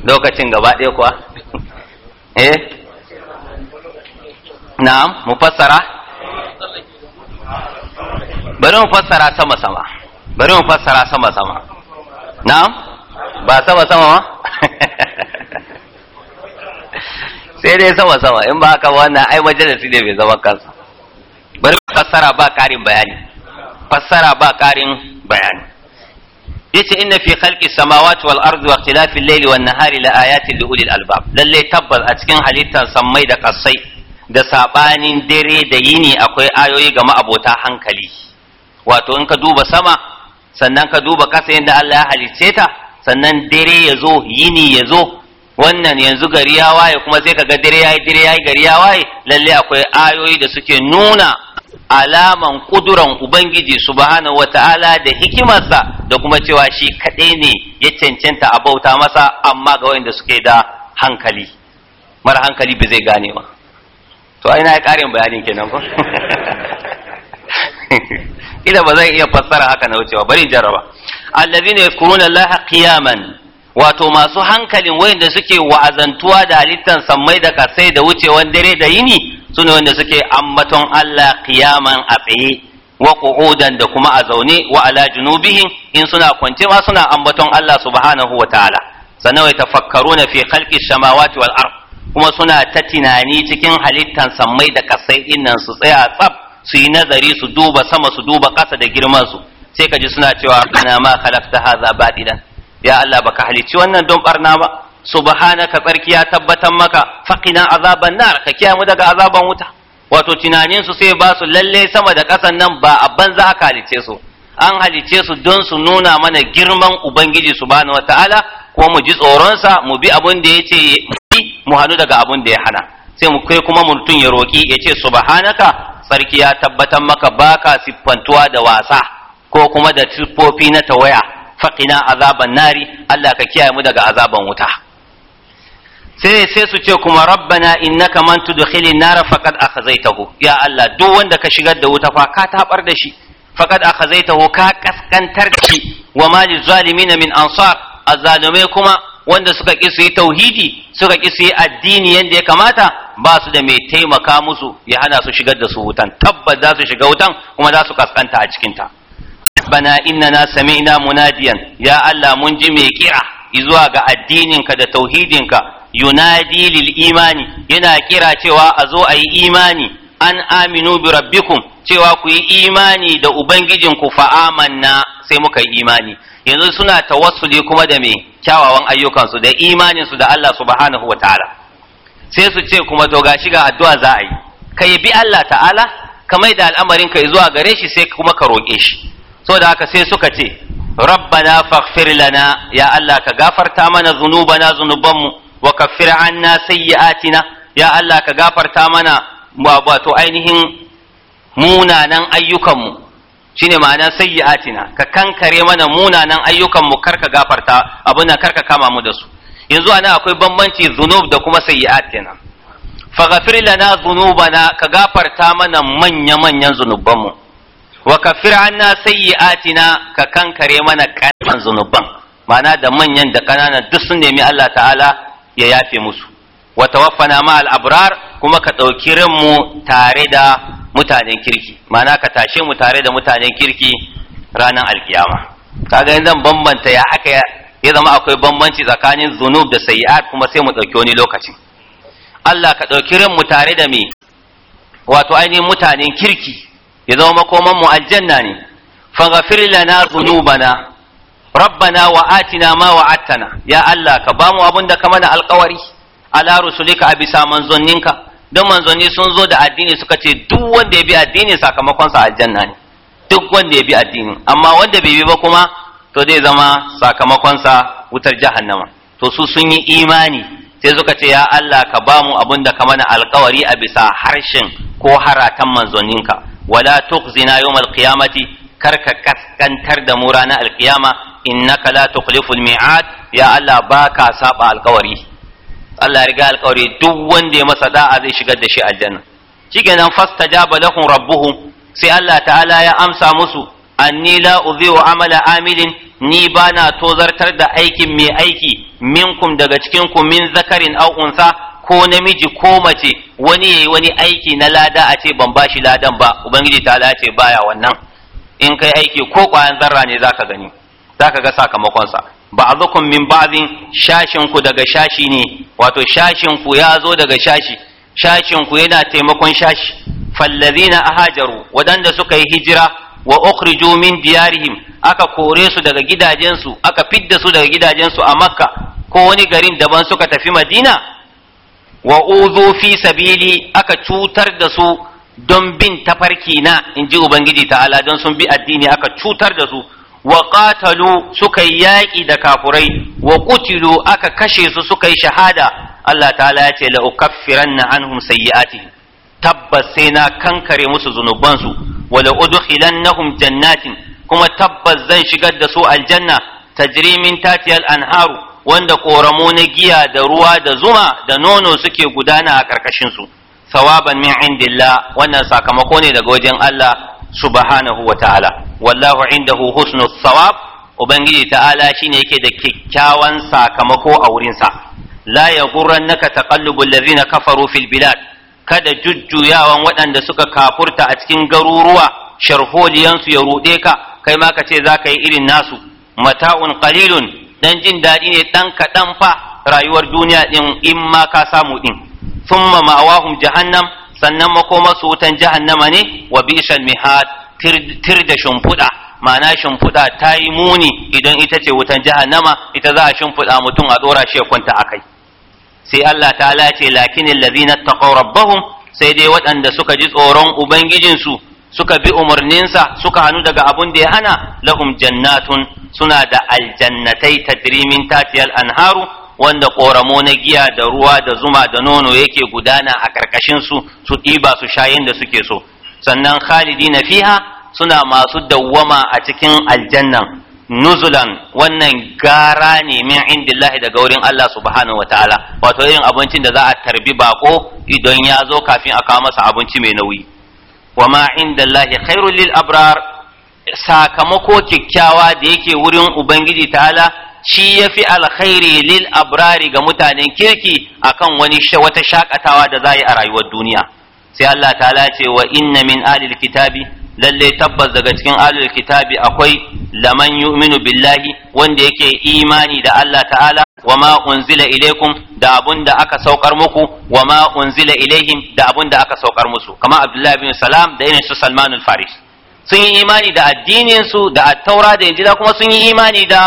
S1: lokacin gaba ɗaya kuwa eh na'am mu fassara bari mu fassara sama sama bari mu fassara sama sama na'am ba sama sama ma sai dai sama sama in ba ka wannan ai majalisi ne bai zama kansa bari fassara ba karin bayani fassara ba karin bayani yace inna fi khalqi samawati wal ardi wa ikhtilafi al-layli wan nahari la ayatin li ulil albab lalle tabbas a cikin halittar sammai da kasai da sabanin dare da yini akwai ayoyi ga ma'abota hankali wato in ka duba sama sannan ka duba kasa yadda Allah ya halicce ta sannan dare yazo yini yazo wannan yanzu gari ya waye kuma sai kaga dare yayi dare yayi gari ya waye lalle akwai ayoyi da suke nuna alaman kuduran ubangiji subhanahu wataala da hikimarsa da kuma cewa shi kaɗai ne ya cancanta a bauta masa amma ga wanda suke da hankali mara hankali ba zai gane ba to ai na ƙarin bayanin kenan ko ida ba zan iya fassara haka na wucewa bari jaraba allazina yakuruna allaha qiyaman wato masu hankalin wayanda suke wa'azantuwa da halittan sammai da kasai da wucewan dare da yini su ne wanda suke ambaton Allah kiyaman a tsaye wa da kuma a zaune wa ala junubihim in suna kwance ma suna ambaton Allah subhanahu wa ta'ala sannan tafakkaru na fi khalqi samawati wal ard kuma suna ta tunani cikin halittan sammai da kasai dinnan su tsaya tsaf su yi nazari su duba sama su duba ƙasa da girman su sai ka ji suna cewa ana ma khalaqta hadha badilan ya Allah baka halicci wannan don barna ba subhanaka tsarkiya ya tabbatar maka faqina azaban nar ka kiyaye mu daga azaban wuta wato tunanin su sai ba su lalle sama da ƙasan nan ba a banza aka halice su an halice su don su nuna mana girman ubangiji subhanahu wataala ko mu ji tsoron sa mu bi abun da yace mu hanu daga abun da ya hana sai mu kai kuma mutum ya roki ya ce subhanaka tsarkiya ya tabbatar maka baka siffantuwa da wasa ko kuma da siffofi na tawaya faqina azaban nari Allah ka kiyaye mu daga azaban wuta sai sai su ce kuma rabbana innaka man tudkhilin nar faqad akhzaytahu ya Allah duk wanda ka shigar da wuta fa ka tabar da shi faqad akhzaytahu ka kaskantar ki wa ma lizalimin min ansar azzalumai kuma wanda suka ki su yi tauhidi suka ki su yi addini yanda ya kamata ba su da mai taimaka musu ya hana su shigar da su wutan tabbas za su shiga wutan kuma za su kaskanta a cikinta rabbana innana sami'na munadiyan ya Allah mun ji mai kira zuwa ga addininka da tauhidinka yunadi lil imani yana kira cewa a zo a yi imani an aminu bi rabbikum cewa ku yi imani da ubangijinku fa amanna sai muka yi imani yanzu suna tawassuli kuma da mai kyawawan ayyukansu da imaninsu da Allah subhanahu wa ta'ala sai su ce kuma to gashi ga addu'a za a yi ka bi Allah ta'ala kamar da al'amarin ka zuwa gare shi sai kuma ka roƙe shi so da haka sai suka ce rabbana faghfir lana ya Allah ka gafarta mana zunubana zunubanmu wa kaffir anna sayyi'atina ya Allah ka gafarta mana wato ainihin munanan ayyukanmu shine ma'ana sayyi'atina ka kankare mana munanan ayyukanmu kar ka gafarta abin nan kar ka kama mu da su yanzu ana akwai bambanci zunub da kuma sayyi'atina faghfir lana zunubana ka gafarta mana manya manyan zunubanmu wa kafir anna sayyi'atina ka kankare mana kanan zunuban ma'ana da manyan da ƙananan duk sun nemi Allah ta'ala ya yafe musu wa tawaffana ma al kuma ka ɗauki mu tare da mutanen kirki ma'ana ka tashe mu tare da mutanen kirki ranar alkiyama kaga yanzu bambanta ya aka ya zama akwai bambanci tsakanin zunub da sayi'at kuma sai mu ɗauki wani lokacin Allah ka ɗauki mu tare da me wato ainihin mutanen kirki ya zama makoman mu aljanna ne faghfir lana dhunubana rabbana wa atina ma wa'adtana ya Allah ka bamu abin da ka mana alkawari ala rusulika a bisa manzonninka don manzonni sun zo da addini suka ce duk wanda ya bi addini sakamakon sa aljanna ne duk wanda ya bi addini amma wanda bai bi ba kuma to zai zama sakamakon sa wutar jahannama to su sun yi imani sai suka ce ya Allah ka bamu abin da ka mana alkawari a bisa harshen ko haratan manzoninka. wala tukhzina yawmal qiyamati kar ka kaskantar da mu ranar alkiyama innaka la tukhliful mi'ad ya Allah baka saba alkawari Allah riga alkawari duk wanda ya masa da'a zai shigar da shi a aljanna shikenan fastajaba lahum rabbuhu sai Allah ta'ala ya amsa musu anni la udhi'u amala amilin ni bana tozartar da aikin mai aiki Minku daga cikin ku zakarin au'unsa. ko namiji ko mace wani yayi wani aiki na lada a ce ban bashi ladan ba ubangiji ta ce baya wannan in kai aiki ko kwayan zarra ne zaka gani zaka ga sakamakonsa ba'dukum min ba'din shashin ku daga shashi ne wato shashin ku ya zo daga shashi shashin ku yana taimakon shashi fallazina ahajaru wadanda suka yi hijira wa ukhriju min diyarihim aka kore su daga gidajensu aka fidda su daga gidajensu a makka ko wani garin daban suka tafi madina wa uzu fi sabili aka cutar da su don bin tafarki na in ji ubangiji ta'ala don sun bi addini aka cutar da su wa qatalu suka yi yaƙi da kafurai wa qutilu aka kashe su suka yi shahada Allah ta'ala ya ce la ukaffiranna anhum sayyi'atihim tabbas sai na kankare musu zunubansu wa la udkhilannahum jannatin kuma tabbas zan shigar da su aljanna tajrimin min tatiyal anharu wanda ƙoramo na giya da ruwa da zuma da nono suke gudana a ƙarƙashinsu sawaban min indillah wannan sakamako ne daga wajen Allah subhanahu wa ta'ala wallahu indahu husnu sawab ubangiji ta'ala shine yake da kyakkyawan sakamako a wurinsa la naka taqallubul ladzina kafaru fil bilad kada jujjuyawan waɗanda suka kafurta a cikin garuruwa sharholiyansu ya ruɗe ka kai ma ka ce za ka yi irin nasu mata'un qalilun dan jin daɗi ne ɗan kaɗan fa rayuwar duniya ɗin in ma ka samu ɗin summa ma'awahum jahannam sannan makomarsu su wutan jahannama ne wa bishan mihad tir da shimfiɗa ma'ana shimfiɗa ta yi muni idan ita ce wutan jahannama ita za a shimfiɗa mutum a ɗora shi ya kwanta a kai sai Allah ta'ala ce lakinin lazina taqaw rabbahum sai dai waɗanda suka ji tsoron ubangijinsu suka bi umarninsa suka hannu daga abun da ya hana lahum jannatun suna da aljannatai tajrimin tatiyal anharu wanda koramo na giya da ruwa da zuma da nono yake gudana a karkashin su su ɗiba su shayin da suke so sannan na fiha suna masu dawwama a cikin aljannan nuzulan wannan gara ne min indillahi daga wurin Allah subhanahu ta'ala wato irin abincin da za a tarbi bako idan ya zo kafin a kawo masa abinci mai nauyi wa ma indallahi khairul lil abrar sakamako kyakkyawa da yake wurin ubangiji ta'ala shi ya fi alkhairi lil abrari ga mutanen kirki akan wani wata shakatawa da za yi a rayuwar duniya sai Allah ta'ala ce wa inna min alil kitabi lalle tabbas daga cikin alil kitabi akwai laman yu'minu billahi wanda yake imani da Allah ta'ala wa ma unzila ilaikum da abun da aka saukar muku wa ma unzila ilaihim da abun da aka saukar musu kama Abdullahi bin Salam da irin su Salman faris sun yi imani da addininsu da attaura da injila kuma sun yi imani da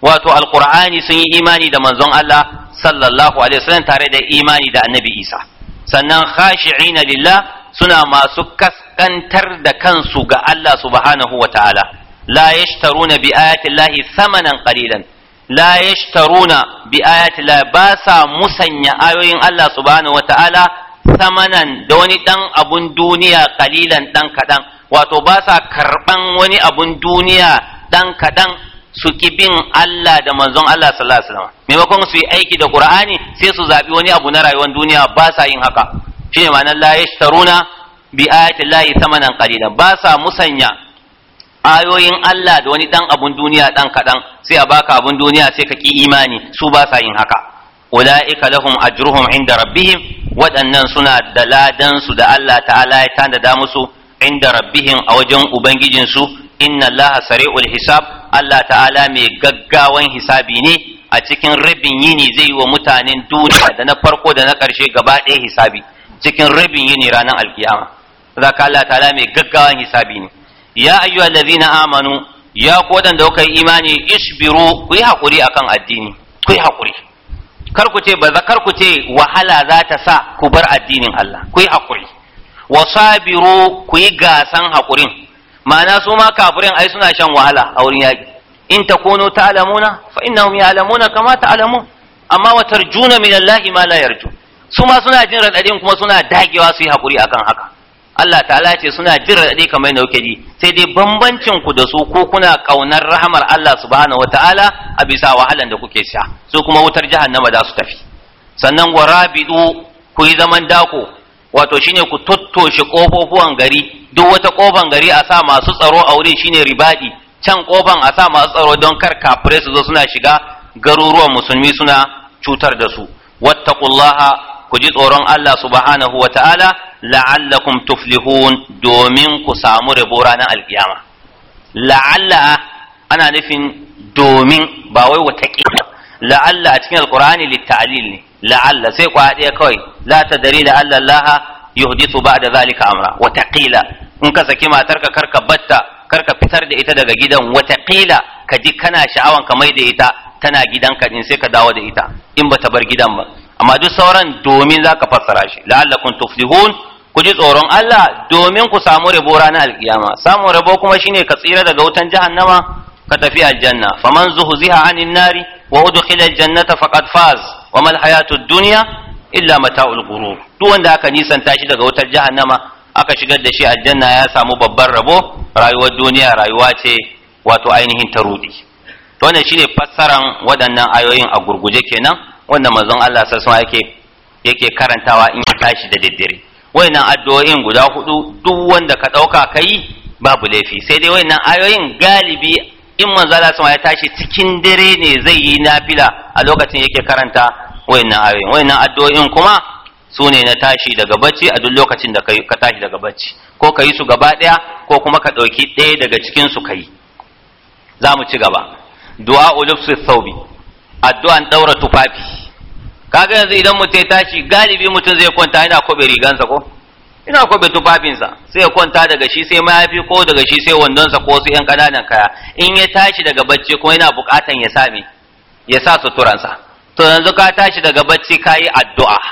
S1: wato alqur'ani sun yi imani da manzon Allah sallallahu alaihi wasallam tare da imani da annabi Isa sannan khashi'ina lillah suna masu kaskantar da kansu ga Allah subhanahu wa ta'ala la yashtaruna bi ayati llahi samanan qalilan la yashtaruna bi ayati llahi ba sa musanya ayoyin Allah subhanahu wa ta'ala samanan da wani dan abun duniya qalilan dan kadan wato ba sa karɓan wani abun duniya ɗan kaɗan su ki bin Allah da manzon Allah sallallahu alaihi wasallam maimakon su yi aiki da Qur'ani sai su zabi wani abu na rayuwar duniya ba sa yin haka shine ma'anar la yashtaruna bi ayati llahi thamanan qalila ba sa musanya ayoyin Allah da wani dan abun duniya dan kaɗan sai a baka abun duniya sai ka ki imani su ba sa yin haka ulaika lahum ajruhum inda rabbihim waɗannan suna da su da Allah ta'ala ya tanda da musu inda rabbihim a wajen ubangijinsu inna allaha sari'ul hisab Allah ta'ala mai gaggawan hisabi ne a cikin rabin yini zai yi wa mutanen duniya da na farko da na ƙarshe gaba ɗaya hisabi cikin rabin yini ranar alkiyama zaka Allah ta'ala mai gaggawan hisabi ne ya ayyuha na amanu ya ku waɗanda kuka yi imani isbiru ku yi haƙuri akan addini ku yi haƙuri kar ku ce ba kar ku ce wahala za ta sa ku bar addinin Allah ku yi haƙuri wa sabiru ku yi gasan haƙurin ma'ana su ma kafirin ai suna shan wahala a wurin yaƙi in takunu ta'lamuna fa innahum ya'lamuna kama alamu. amma wa tarjuna min Allah ma la yarju su ma suna jin radadin kuma suna dagewa su yi haƙuri akan haka Allah ta'ala ce suna jin radadi kamar yadda ji sai dai bambancin ku da su ko kuna kaunar rahmar Allah subhanahu wataala a bisa wahalan da kuke sha su kuma wutar jahannama za su tafi sannan warabidu ku yi zaman dako wato shine ku tottoshe ƙofofuwan gari duk wata ƙofan gari a sa masu tsaro a wurin shine ribadi can ƙofan a sa masu tsaro don kar kafirai su zo suna shiga garuruwan musulmi suna cutar da su wattaqullaha ku ji tsoron Allah subhanahu wa ta'ala la'allakum tuflihun domin ku samu rabo ranar alkiyama la'alla ana nufin domin ba wai wata la'alla a cikin alkur'ani littalil ne la'alla sai ku haɗe kawai za ta dari da Allah laha yuhdisu ba'da zalika amra wata in ka saki matarka karka batta karka fitar da ita daga gidan wata ka ji kana sha'awan ka mai da ita tana gidanka in sai ka dawo da ita in bata bar gidan ba amma duk sauran domin zaka fassara shi la'allakum tuflihun ku ji tsoron Allah domin ku samu rabo ranar alkiyama samun rabo kuma shine ka tsira daga wutan jahannama ka tafi aljanna faman zuhziha anin nari wa udkhila aljannata faqad faz wa mal hayatud dunya illa mata'ul ghurur duk wanda aka nisanta shi daga wutar jahannama aka shigar da shi aljanna ya samu babban rabo rayuwar duniya rayuwa ce wato ainihin ta rudi to wannan shine fassaran waɗannan ayoyin a gurguje kenan wanda manzon Allah sassan yake yake karantawa in ya tashi da daddare wayannan addu'o'in guda hudu duk wanda ka dauka kai babu laifi sai dai wayannan ayoyin galibi in Allah sama ya tashi cikin dare ne zai yi nafila a lokacin yake karanta wayannan ayoyin wayannan addu'o'in kuma su ne na tashi daga bacci a duk lokacin da ka tashi daga bacci ko ka yi su gaba ɗaya ko kuma ka ɗauki ɗaya daga cikin su ka yi za mu ci gaba du'a ulubsu thawbi addu'an ɗaura tufafi kaga yanzu idan mutum ya tashi galibi mutum zai kwanta yana kobe rigansa ko ina kwabe tufafinsa sai ya kwanta daga shi sai mayafi ko daga shi sai wandonsa ko su yan kananan kaya in ya tashi daga bacci kuma yana bukatan ya sa ya sa suturansa to yanzu ka tashi daga bacci ka yi addu'a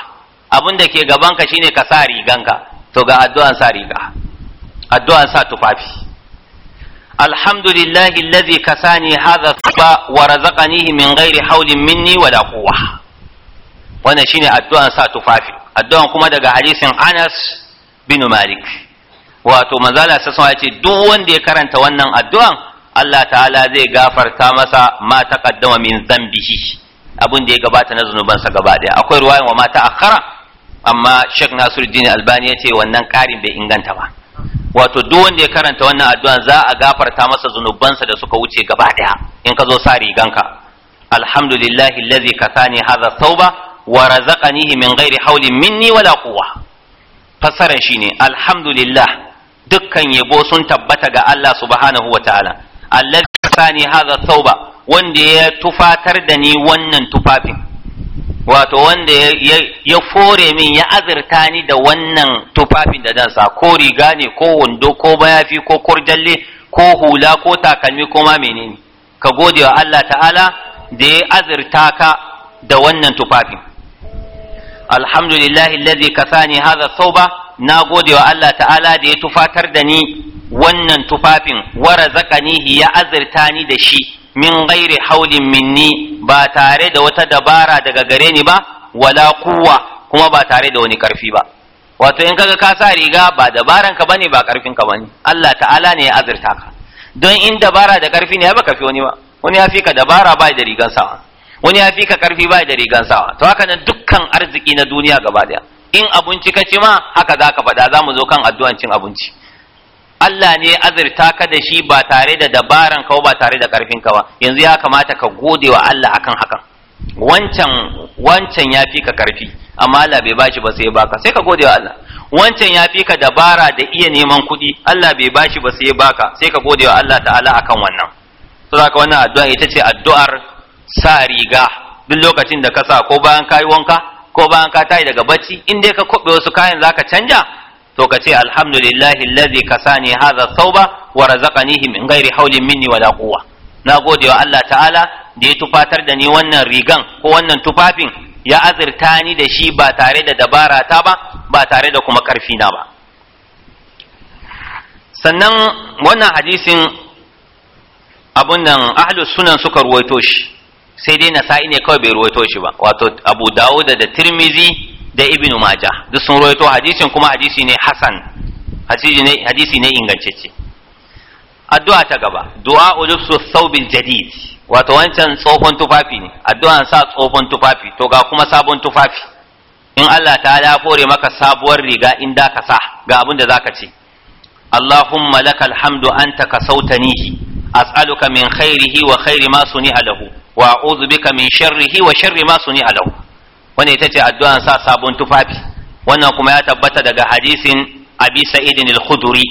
S1: abin da ke gabanka shine ka sa riganka to ga addu'an sa riga addu'an sa tufafi alhamdulillahi allazi kasani hadha thuba wa razaqanihi min ghairi hawlin minni wala quwwa wannan shine addu'an sa tufafi addu'an kuma daga hadisin Anas Binu malik wato manzala sassan ya ce duk wanda ya karanta wannan addu'an Allah ta'ala zai gafarta masa ma taqaddama min zambihi abin da ya gabata na zunubansa gaba daya akwai ruwayan wa mata akhara amma Sheikh Nasiruddin Albani ya ce wannan karin bai inganta ba wato duk wanda ya karanta wannan addu'an za a gafarta masa zunubansa da suka wuce gaba daya in ka zo sa riganka alhamdulillahi allazi kasani hadha tauba wa razaqanihi min ghairi hawlin minni wala quwwa shi shine alhamdulillah dukkan yabo sun tabbata ga Allah subhanahu wa ta'ala. allazi sani hadha thawba wanda ya tufatar da ni wannan tufafin wato wanda ya fore min ya azurta ni da wannan tufafin da dansa ko riga ne ko wando ko mayafi ko kurjalle ko hula ko takalmi ko ma menene ka gode wa Allah ta'ala da ya azurta ka da wannan tufafin alhamdulillahi alladhi kasani haza sauba na gode wa Allah ta'ala da ya tufatar da ni wannan tufafin wa razaqanihi ya azirta ni da shi min gairi haulin minni ba tare da wata dabara daga gare ni ba wala kuwa kuma ba tare da wani karfi ba wato in kaga ka sa riga ba dabaran ka bane ba karfin ka bane Allah ta'ala ne ya azirta ka don in dabara da karfi ne ya baka fi wani ba wani ya fi ka dabara ba da rigan sawa wani ya fi ka karfi ba da rigan sawa to haka nan dukkan arziki na duniya gaba daya in abinci ka ci ma haka za ka faɗa za mu zo kan addu'an cin abinci Allah ne azurta ka da shi ba tare da dabaran ka ba tare da karfin ka ba yanzu ya kamata ka gode wa Allah akan hakan wancan wancan ya fi ka karfi amma Allah bai bashi ba sai ya baka sai ka gode wa Allah wancan ya fi ka dabara da iya neman kuɗi Allah bai bashi ba sai ya baka sai ka gode wa Allah ta'ala akan wannan saboda wannan addu'a ita ce addu'ar sa riga duk lokacin da ka sa ko bayan ka yi wanka ko bayan ka tayi daga bacci in dai ka kobe wasu kayan za ka canja to ka ce alhamdulillahi allazi kasani hadha thawba wa razaqanihi min ghairi hawlin minni wala quwwa na gode wa Allah ta'ala da ya tufatar da ni wannan rigan ko wannan tufafin ya azirta ni da shi ba tare da dabara ta ba ba tare da kuma karfi na ba sannan wannan hadisin abun nan ahlus sunan suka ruwaito shi sai dai nasa'i ne kawai bai ruwaito shi ba wato abu dawud da tirmizi da ibnu majah duk sun ruwaito hadisin kuma hadisi ne hasan hadisi ne hadisi ne ingantacce addu'a ta gaba du'a ulubsu thawbil jadid wato wancan tsohon tufafi ne addu'an sa tsohon tufafi to ga kuma sabon tufafi in Allah ta ya fore maka sabuwar riga in da ka sa ga abin da zaka ce Allahumma lakal hamdu anta kasautani as'aluka min khairihi wa khairi ma suni'a lahu wa a'udhu bika min sharrihi wa sharri ma suni alau Wani ita ce addu'an sa sabon tufafi wannan kuma ya tabbata daga hadisin abi sa'id al-khudri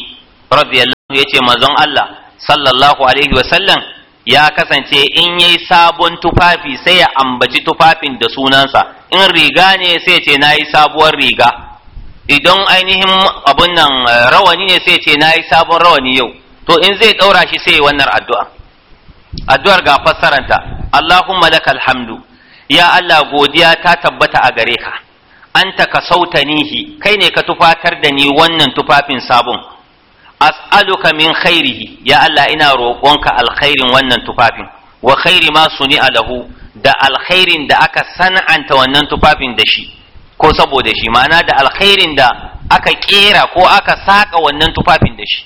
S1: radiyallahu yace manzon Allah sallallahu alaihi wa sallam ya kasance in yayi sabon tufafi sai ya ambaci tufafin da sunansa in riga ne sai ce nayi sabuwar riga idan ainihin abun nan eh, rawani ne sai ce na yi sabon rawani yau to in zai ɗaura shi sai wannan addu'a addu'ar ga fassaranta Allahumma lakal alhamdu, ya Allah godiya ta tabbata a gare ka anta ka nihi kai ne ka tufatar da ni wannan tufafin sabon as'aluka min khairihi ya Allah ina roƙonka alkhairin wannan tufafin wa khairi ma suni alahu, da alkhairin da aka sananta wannan tufafin da shi ko saboda shi ma'ana da alkhairin da aka kera ko aka saƙa wannan tufafin da shi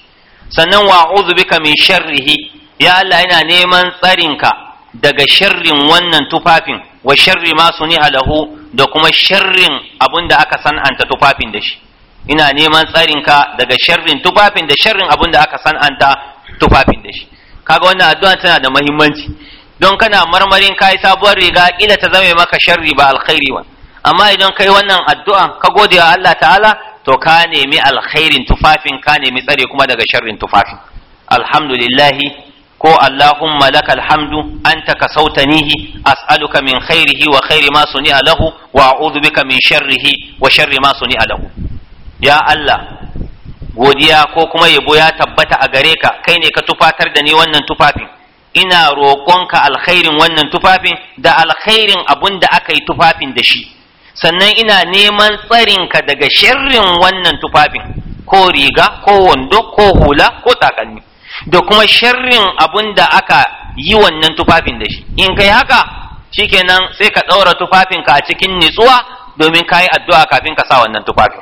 S1: sannan wa bika min sharrihi ya Allah yana neman tsarinka daga sharrin wannan tufafin wa sharri masu ni alahu da kuma sharrin abin da aka san'anta tufafin da shi ina neman tsarinka daga sharrin tufafin da sharrin abin da aka san'anta tufafin da shi kaga wannan addu'a tana da muhimmanci don kana marmarin kai sabuwar riga kila ta zame maka sharri ba alkhairi ba amma idan kai wannan addu'a ka gode wa Allah ta'ala to ka nemi alkhairin tufafin ka nemi tsare kuma daga sharrin tufafin alhamdulillahi ko Allahumma lakal hamdu anta ka sautanihi as'aluka min khairihi wa khairi ma suni'a lahu wa a'udhu bika min sharrihi wa sharri ma suni'a lahu ya Allah godiya ko kuma yabo ya tabbata a gare ka kai ne ka tufatar da ni wannan tufafin ina roƙonka alkhairin wannan tufafin da alkhairin abun da aka yi tufafin da shi sannan ina neman tsarinka daga sharrin wannan tufafin ko riga ko wando ko hula ko takalmi da kuma sharrin abun da aka yi wannan tufafin da shi in kai haka shi shikenan sai ka ɗaura tufafinka a cikin nitsuwa domin ka yi addu'a kafin ka sa wannan tufafin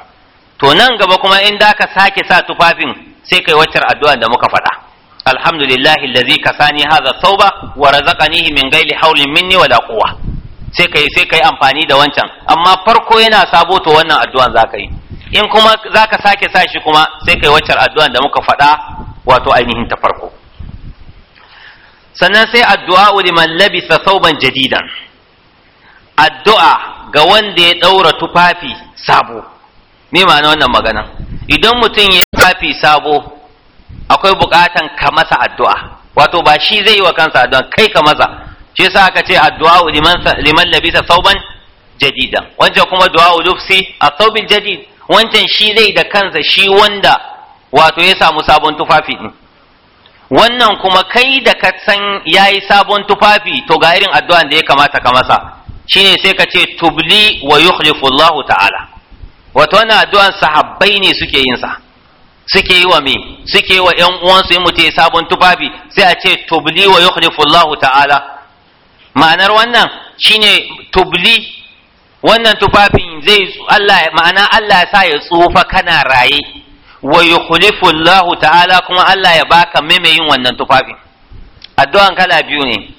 S1: to nan gaba kuma in da ka sake sa tufafin sai kai waccar addu'a da muka faɗa alhamdulillahi allazi kasani hadha sauba wa razaqanihi min gaili hawlin minni wala quwwa sai kai sai kai amfani da wancan amma farko yana sabo to wannan addu'an zaka yi in kuma zaka sake sa shi kuma sai kai waccar addu'an da muka faɗa wato ainihin ta farko sannan sai addu'a liman labisa sauban jadidan addu'a ga wanda ya ɗaura tufafi sabo me ma'ana wannan magana idan mutum ya tufafi sabo akwai buƙatan ka masa addu'a wato ba shi zai yi wa kansa addu'a kai ka masa shi sa aka ce addu'a liman liman sauban jadidan wancan kuma du'a ulufsi a saubil jadid wancan shi zai da kansa shi wanda wato ya samu sabon tufafi din wannan kuma kai da ka san ya yi sabon tufafi to ga irin addu'an da ya kamata ka masa shine sai ka ce tubli wa yukhlifu Allah ta'ala wato wannan addu'an sahabbai ne suke yin sa suke yi wa me suke yi wa ƴan uwansu in mutum sabon tufafi sai a ce tubli wa yukhlifu Allah ta'ala ma'anar wannan shine tubli wannan tufafin zai Allah ma'ana Allah ya sa ya tsufa kana raye wa yukhlifu Allah ta'ala kuma Allah ya baka yin wannan tufafin addu'an kala biyu ne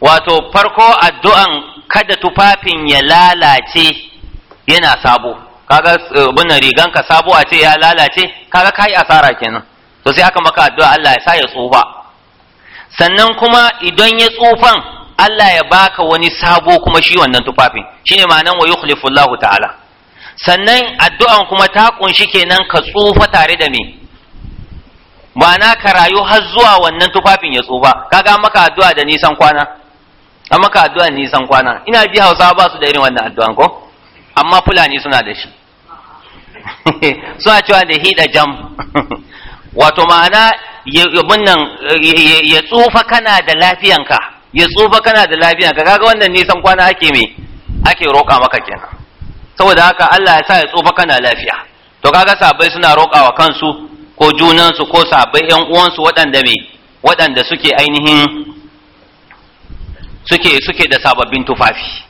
S1: wato farko addu'an kada tufafin ya lalace yana sabo kaga eh, bunan rigan ka sabo a ce ya lalace kaga kai asara kenan to sai aka maka addu'a Allah ya sa ya tsufa sannan kuma idan ya tsufan Allah ya baka wani sabo kuma shi wannan tufafin shine ma'anan wa yukhlifu Allah ta'ala sannan addu'an kuma ta kunshi kenan ka tsufa tare da me ma'ana ka rayu har zuwa wannan tufafin ya tsufa ka ga maka addu'a da nisan kwana an maka addu'a nisan kwana ina ji hausawa ba su da irin wannan addu'an ko amma fulani suna da shi suna cewa da hida jam wato ma'ana nan ya tsufa kana da lafiyanka ya tsufa kana da lafiyanka kaga wannan nisan kwana ake me ake roƙa maka kenan saboda haka Allah ya sa ya tsufa kana lafiya to kaga sabai suna roƙawa kansu ko junansu ko sabai ƴan uwansu waɗanda me waɗanda suke ainihin suke suke da sababbin tufafi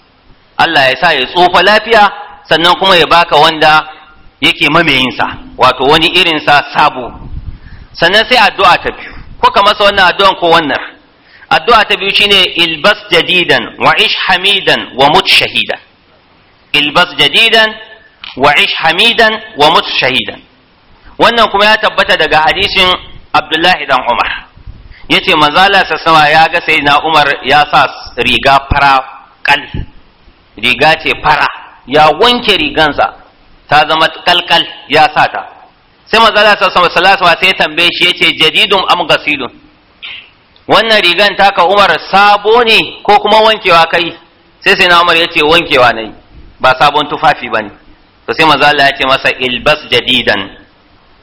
S1: Allah ya sa ya tsufa lafiya sannan kuma ya baka wanda yake mamayinsa wato wani irin sa sabo sannan sai addu'a ta biyu ko ka masa wannan addu'a ko wannan addu'a ta biyu shine ilbas jadidan wa ish hamidan wa mut shahidan ilbas jadidan wa ish hamidan wa Mutu shahidan wannan kuma ya tabbata daga hadisin abdullahi dan umar ya ce manzala sassama ya ga sai na umar ya sa riga fara kal riga ce fara ya wanke rigansa ta zama kalkal ya sa ta sai mazala sassawa salasawa sai tambaye shi ya ce jadidun am wannan rigan taka umar sabo ne ko kuma wankewa kai sai sai na umar ya ce wankewa na yi ba sabon tufafi bane to sai maza Allah ya ce masa ilbas jadidan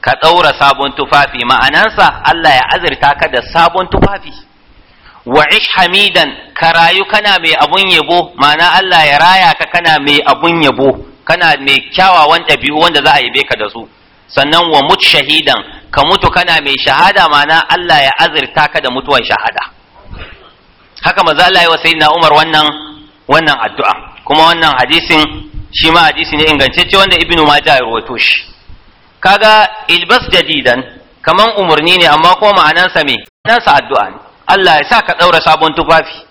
S1: ka ɗaura sabon tufafi ma'anansa Allah ya azurta ka da sabon tufafi wa ish hamidan ka rayu kana mai abun yabo ma'ana Allah ya raya ka kana mai abun yabo kana mai kyawawan ɗabi'u wanda za a yabe ka da su sannan wa mut shahidan ka mutu kana mai shahada ma'ana Allah ya azurta ka da mutuwan shahada haka maza Allah ya wa sayyidina Umar wannan wannan addu'a kuma wannan hadisin shi ma hadisi ne ingantacce wanda ibnu majah ya rawaito shi kaga ilbas jadidan kaman umurni ne amma ko ma'anansa me ma'anansa addu'a ne Allah ya sa ka daura sabon tufafi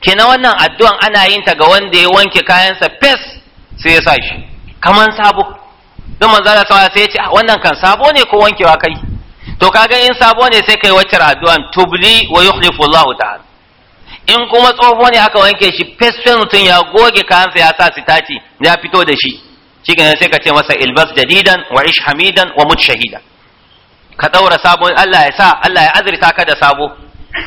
S1: kenan wannan addu'an ana yin ta ga wanda ya wanke kayansa fes sai ya sa shi kaman sabo don manzo Allah sai ya ce ah, wannan kan sabo ne ko wankewa kai to kaga in sabo ne sai kai wacce addu'an tubli wa yukhlifu Allah ta'ala in kuma tsoho ne aka wanke shi fesfen mutum ya goge kayansa ya sa sitati ya fito da shi shi kenan sai ka ce masa ilbas jadidan wa ish hamidan wa mut shahida ka ɗaura sabon Allah ya sa Allah ya azurta ka da sabo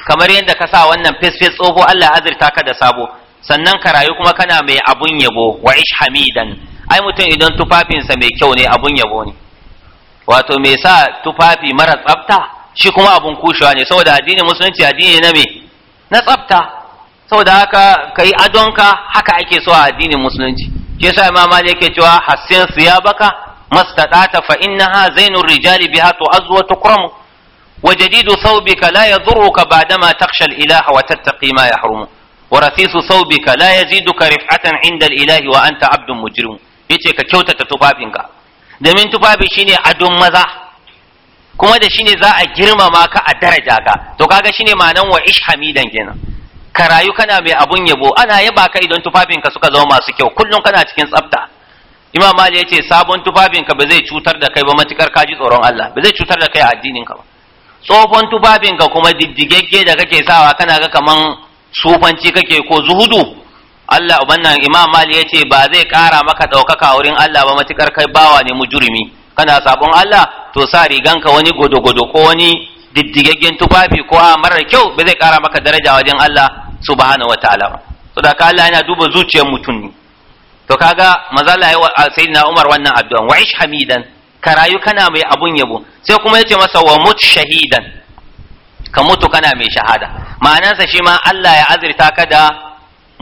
S1: kamar yadda ka sa wannan fesfes tsoho Allah ya azurta ka da sabo sannan ka rayu kuma kana mai abun yabo wa ish hamidan ai mutum idan tufafinsa mai kyau ne abun yabo ne wato me sa tufafi mara tsafta shi kuma abun kushewa ne saboda addinin musulunci addini na me na tsafta saboda haka kai adonka haka ake so a addinin musulunci shi yasa imam malik yake cewa siya baka mastadata fa innaha zainur rijali biha tu'azzu wa tukramu wa jadidu thawbika la yadhurruka ba'dama takhsha al-ilaha wa tattaqi ma yahrumu wa rasisu thawbika la yaziduka rif'atan 'inda al-ilahi wa anta 'abdun mujrim yace ka kyautata tufafinka domin tufafi shine adon maza kuma da shine za a girmama ka a daraja ka to kaga shine ma'anan wa ish hamidan kenan ka rayu kana mai abun yabo ana yaba ka idan tufafinka suka zama masu kyau kullum kana cikin tsafta imam mali ya ce sabon tufafinka ba zai cutar da kai ba matukar kaji tsoron Allah ba zai cutar da kai a addinin ka ba tsohon tufafinka kuma diddigegge da kake sawa kana ga kaman sufanci kake ko zuhudu Allah ubannan imam mali ya ce ba zai kara maka ɗaukaka wurin Allah ba matukar kai bawa ne mujurimi kana sabon Allah to sa riganka wani godogodo ko wani diddigaggen tufafi ko a marar kyau ba zai kara maka daraja wajen Allah subhanahu wataala ba to da ka Allah yana duba zuciyar mutum ne to kaga maza Allah ya sayyidina Umar wannan addu'an wa ish hamidan ka rayu kana mai abun yabo sai kuma yace masa wa mut shahidan ka mutu kana mai shahada ma'anarsa shi ma Allah ya azirta ka da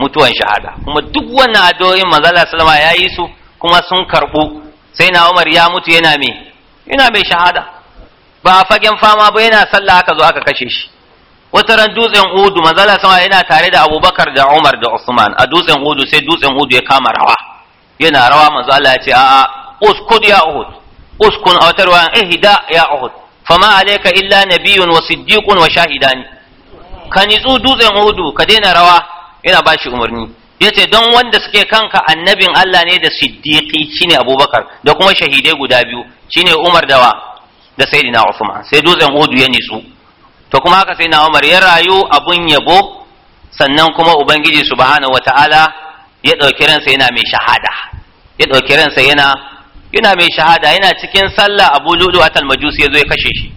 S1: mutuwan shahada kuma duk wannan addu'o'in maza Allah sallama ya su kuma sun karbu sai na Umar ya mutu yana mai yana mai shahada ba a fagen fama ba yana sallah aka zo aka kashe shi wata ran dutsen udu manzala sama yana tare da abubakar da umar da usman a dutsen udu sai dutsen udu ya kama rawa yana rawa manzo Allah ya ce a'a uskud ya uhud uskun a wata ruwan ihda ya uhud fama alayka illa nabiyun wa siddiqun wa shahidani ka nitsu dutsen udu ka daina rawa yana bashi umarni ya ce don wanda suke kanka annabin Allah ne da siddiqi shine abubakar da kuma shahidai guda biyu shine umar da wa da sayyidina usman sai dutsen udu ya nitsu to kuma haka na umar ya rayu abun yabo sannan kuma ubangiji subhanahu wataala ya dauki ransa yana mai shahada ya dauki ransa yana yana mai shahada yana cikin sallah abu ludu atal majusi ya zo ya kashe shi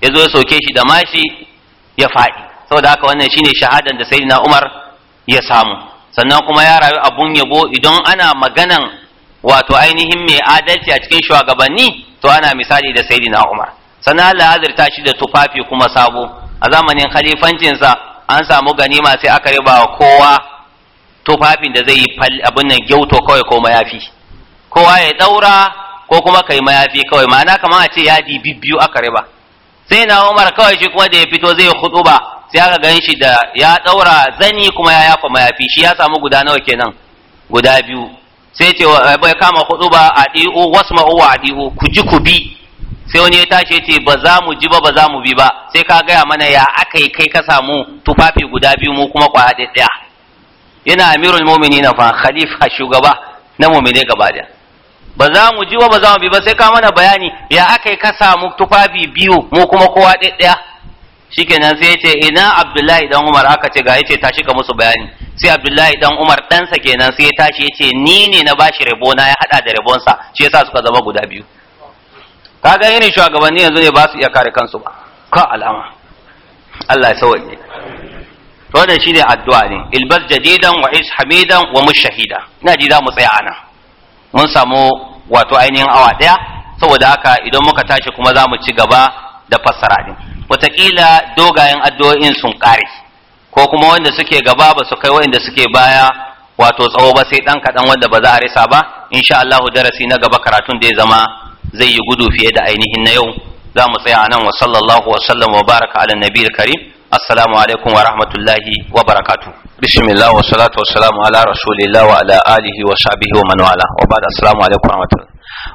S1: ya zo ya soke shi da mashi ya faɗi saboda haka wannan shine shahadan da saidina umar ya samu sannan kuma ya rayu abun yabo idan ana maganan wato ainihin mai adalci a cikin shugabanni to ana misali da sayyidina Umar sannan Allah azurta shi da tufafi kuma sabo a zamanin khalifancinsa an samu ganima sai aka riba kowa tufafin da zai yi abin nan gyauto kawai ko mayafi kowa ya daura ko kuma kai mayafi kawai ma'ana kamar a ce yadi bibbiyu aka riba sai na Umar kawai shi kuma da ya fito zai khutuba sai aka gan shi da ya ɗaura zani kuma ya yafa mayafi shi ya samu guda nawa kenan guda biyu sai ce eh, bai kama hudu ba a ɗi'o wasu ma'uwa a ɗi'o ku ji ku bi sai wani ya tashi ce ba za mu ji ba ba za mu bi ba sai ka gaya mana ya aka yi kai ka samu tufafi guda biyu mu kuma kwa ɗaya yana amirul mumini na fa khalifa shugaba na mu'mini gaba da ba za mu ji ba ba za mu bi ba sai ka mana bayani ya aka yi ka samu tufafi biyu mu kuma kowa ɗaya shikenan sai yace ina Abdullahi dan Umar aka ce ga ya yace tashi ka musu bayani sai Abdullahi dan Umar ɗansa kenan sai ya tashi yace ni ne na bashi rabona ya hada da rabonsa shi yasa suka zama guda biyu Ka ga irin shugabanni yanzu ne ba su iya kare kansu ba ka alama Allah ya sauke to da shine addu'a ne ilbas jadidan wa is hamidan wa mushahida ina ji za mu tsaya ana mun samu wato ainihin awa daya saboda haka idan muka tashi kuma za mu ci gaba da fassara din wataƙila dogayen addu'o'in sun ƙare ko kuma wanda suke gaba ba su kai wanda suke baya wato tsawo ba sai ɗan kaɗan wanda ba za a risa ba insha Allah darasi na gaba karatun da ya zama zai yi gudu fiye da ainihin na yau za mu tsaya a nan wa sallallahu wa sallam wa baraka ala biyar karim assalamu alaikum wa rahmatullahi wa barakatu bismillah wa salatu wa salamu ala rasulillah wa ala alihi wa sahbihi wa man wala wa ba'da assalamu alaikum wa rahmatullahi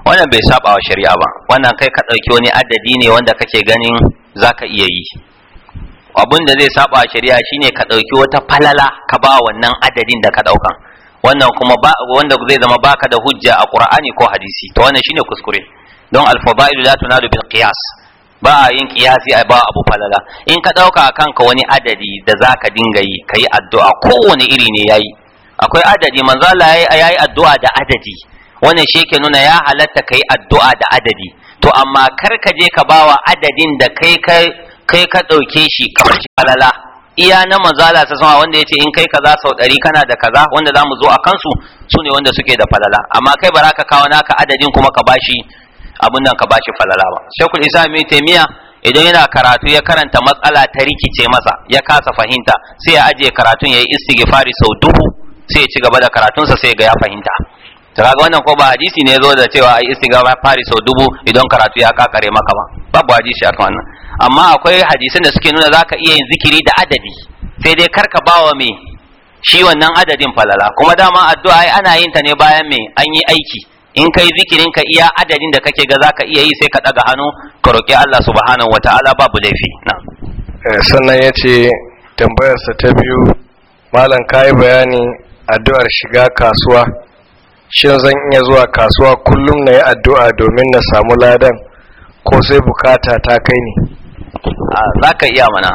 S1: wannan bai saba wa shari'a ba wannan kai ka dauki wani adadi ne wanda kake ganin zaka iya yi abin da zai saba shari'a shine ka ɗauki wata falala ka ba wannan adadin da ka ɗaukan wannan kuma ba wanda zai zama baka da hujja a qur'ani ko hadisi to wannan shine kuskure don alfadailu la tunadu bil qiyas ba a yin kiyasi a ba abu falala in ka ɗauka a kanka wani adadi da zaka dinga yi yi addu'a kowane iri ne yayi akwai adadi manzo ya yayi addu'a da adadi wannan shi yake nuna ya halatta yi addu'a da adadi to amma kar ka je ka bawa adadin da kai kai ka ɗauke shi ka fashi falala iya na manzala ta sama wanda ya ce in kai kaza sau ɗari kana da kaza wanda za mu zo a kansu su ne wanda suke da falala amma kai ba ka kawo naka adadin kuma ka bashi abin nan ka bashi falala ba shekul isa mai taimiya idan yana karatu ya karanta matsala ta rikice masa ya kasa fahimta sai ya ajiye karatun ya yi istighfari sau duhu sai ya ci gaba da karatunsa sai ga ya fahimta ta kaga wannan ko ba hadisi ne zo da cewa ai fari sau dubu idan karatu ya kakare maka ba babu hadisi akan wannan amma akwai hadisan da suke nuna zaka iya yin zikiri da adadi sai dai karka bawa me shi wannan adadin falala kuma dama addu'a ai ana yin ta ne bayan me an yi aiki in kai zikirin ka iya adadin da kake ga zaka iya yi sai ka daga hannu ka roki Allah subhanahu wataala babu laifi na
S2: eh, sannan yace tambayar sa ta biyu malam kai bayani addu'ar shiga kasuwa shin zan iya zuwa kasuwa kullum na yi addu'a domin na samu ladan ko sai bukata ta kai ne
S1: za ka iya mana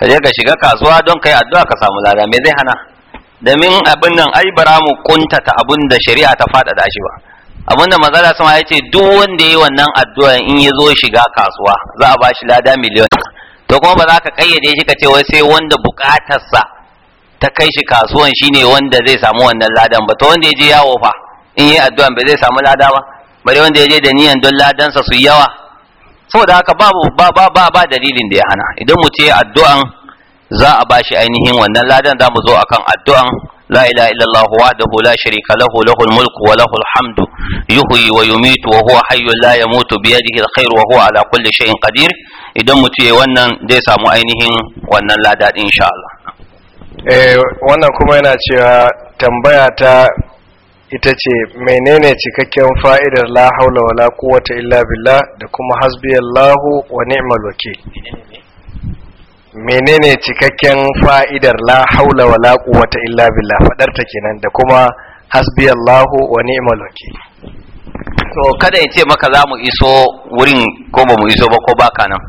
S1: ka je ka shiga kasuwa don kai addu'a ka samu lada me zai hana domin abin nan ai bara mu kuntata abin da shari'a ta da shi ba abin da mazala sama ya ce duk wanda ya yi wannan addu'a in ya zo shiga kasuwa za a ba shi lada miliyon to kuma ba za ka kayyade shi ka ce wai sai wanda bukatarsa ta kai shi kasuwan shine wanda zai samu wannan ladan ba to wanda ya je yawo fa in yi addu'an ba zai samu lada ba bare wanda ya je da niyan don ladansa su yawa saboda haka babu ba ba ba ba dalilin da ya hana idan mutum ya addu'an za a bashi ainihin wannan ladan za mu zo akan addu'an la ilaha illallah wahdahu la sharika lahu lahul mulku wa lahul hamdu yuhyi wa yumitu wa huwa hayyun la yamutu bi yadihi alkhair wa huwa ala kulli shay'in qadir idan mutum ya wannan zai samu ainihin wannan lada insha Allah
S2: Eh, wannan kuma yana cewa tambaya ta ita ce menene cikakken fa'idar la haula wala quwwata illa billah da kuma hasbiyallahu wa ni'mal wakil menene cikakken fa'idar la haula wala quwwata illa billah fadar ta kenan da kuma hasbiyallahu wa ni'mal wakil
S1: to kada ya ce maka za mu iso wurin ko ba mu iso ba ko baka nan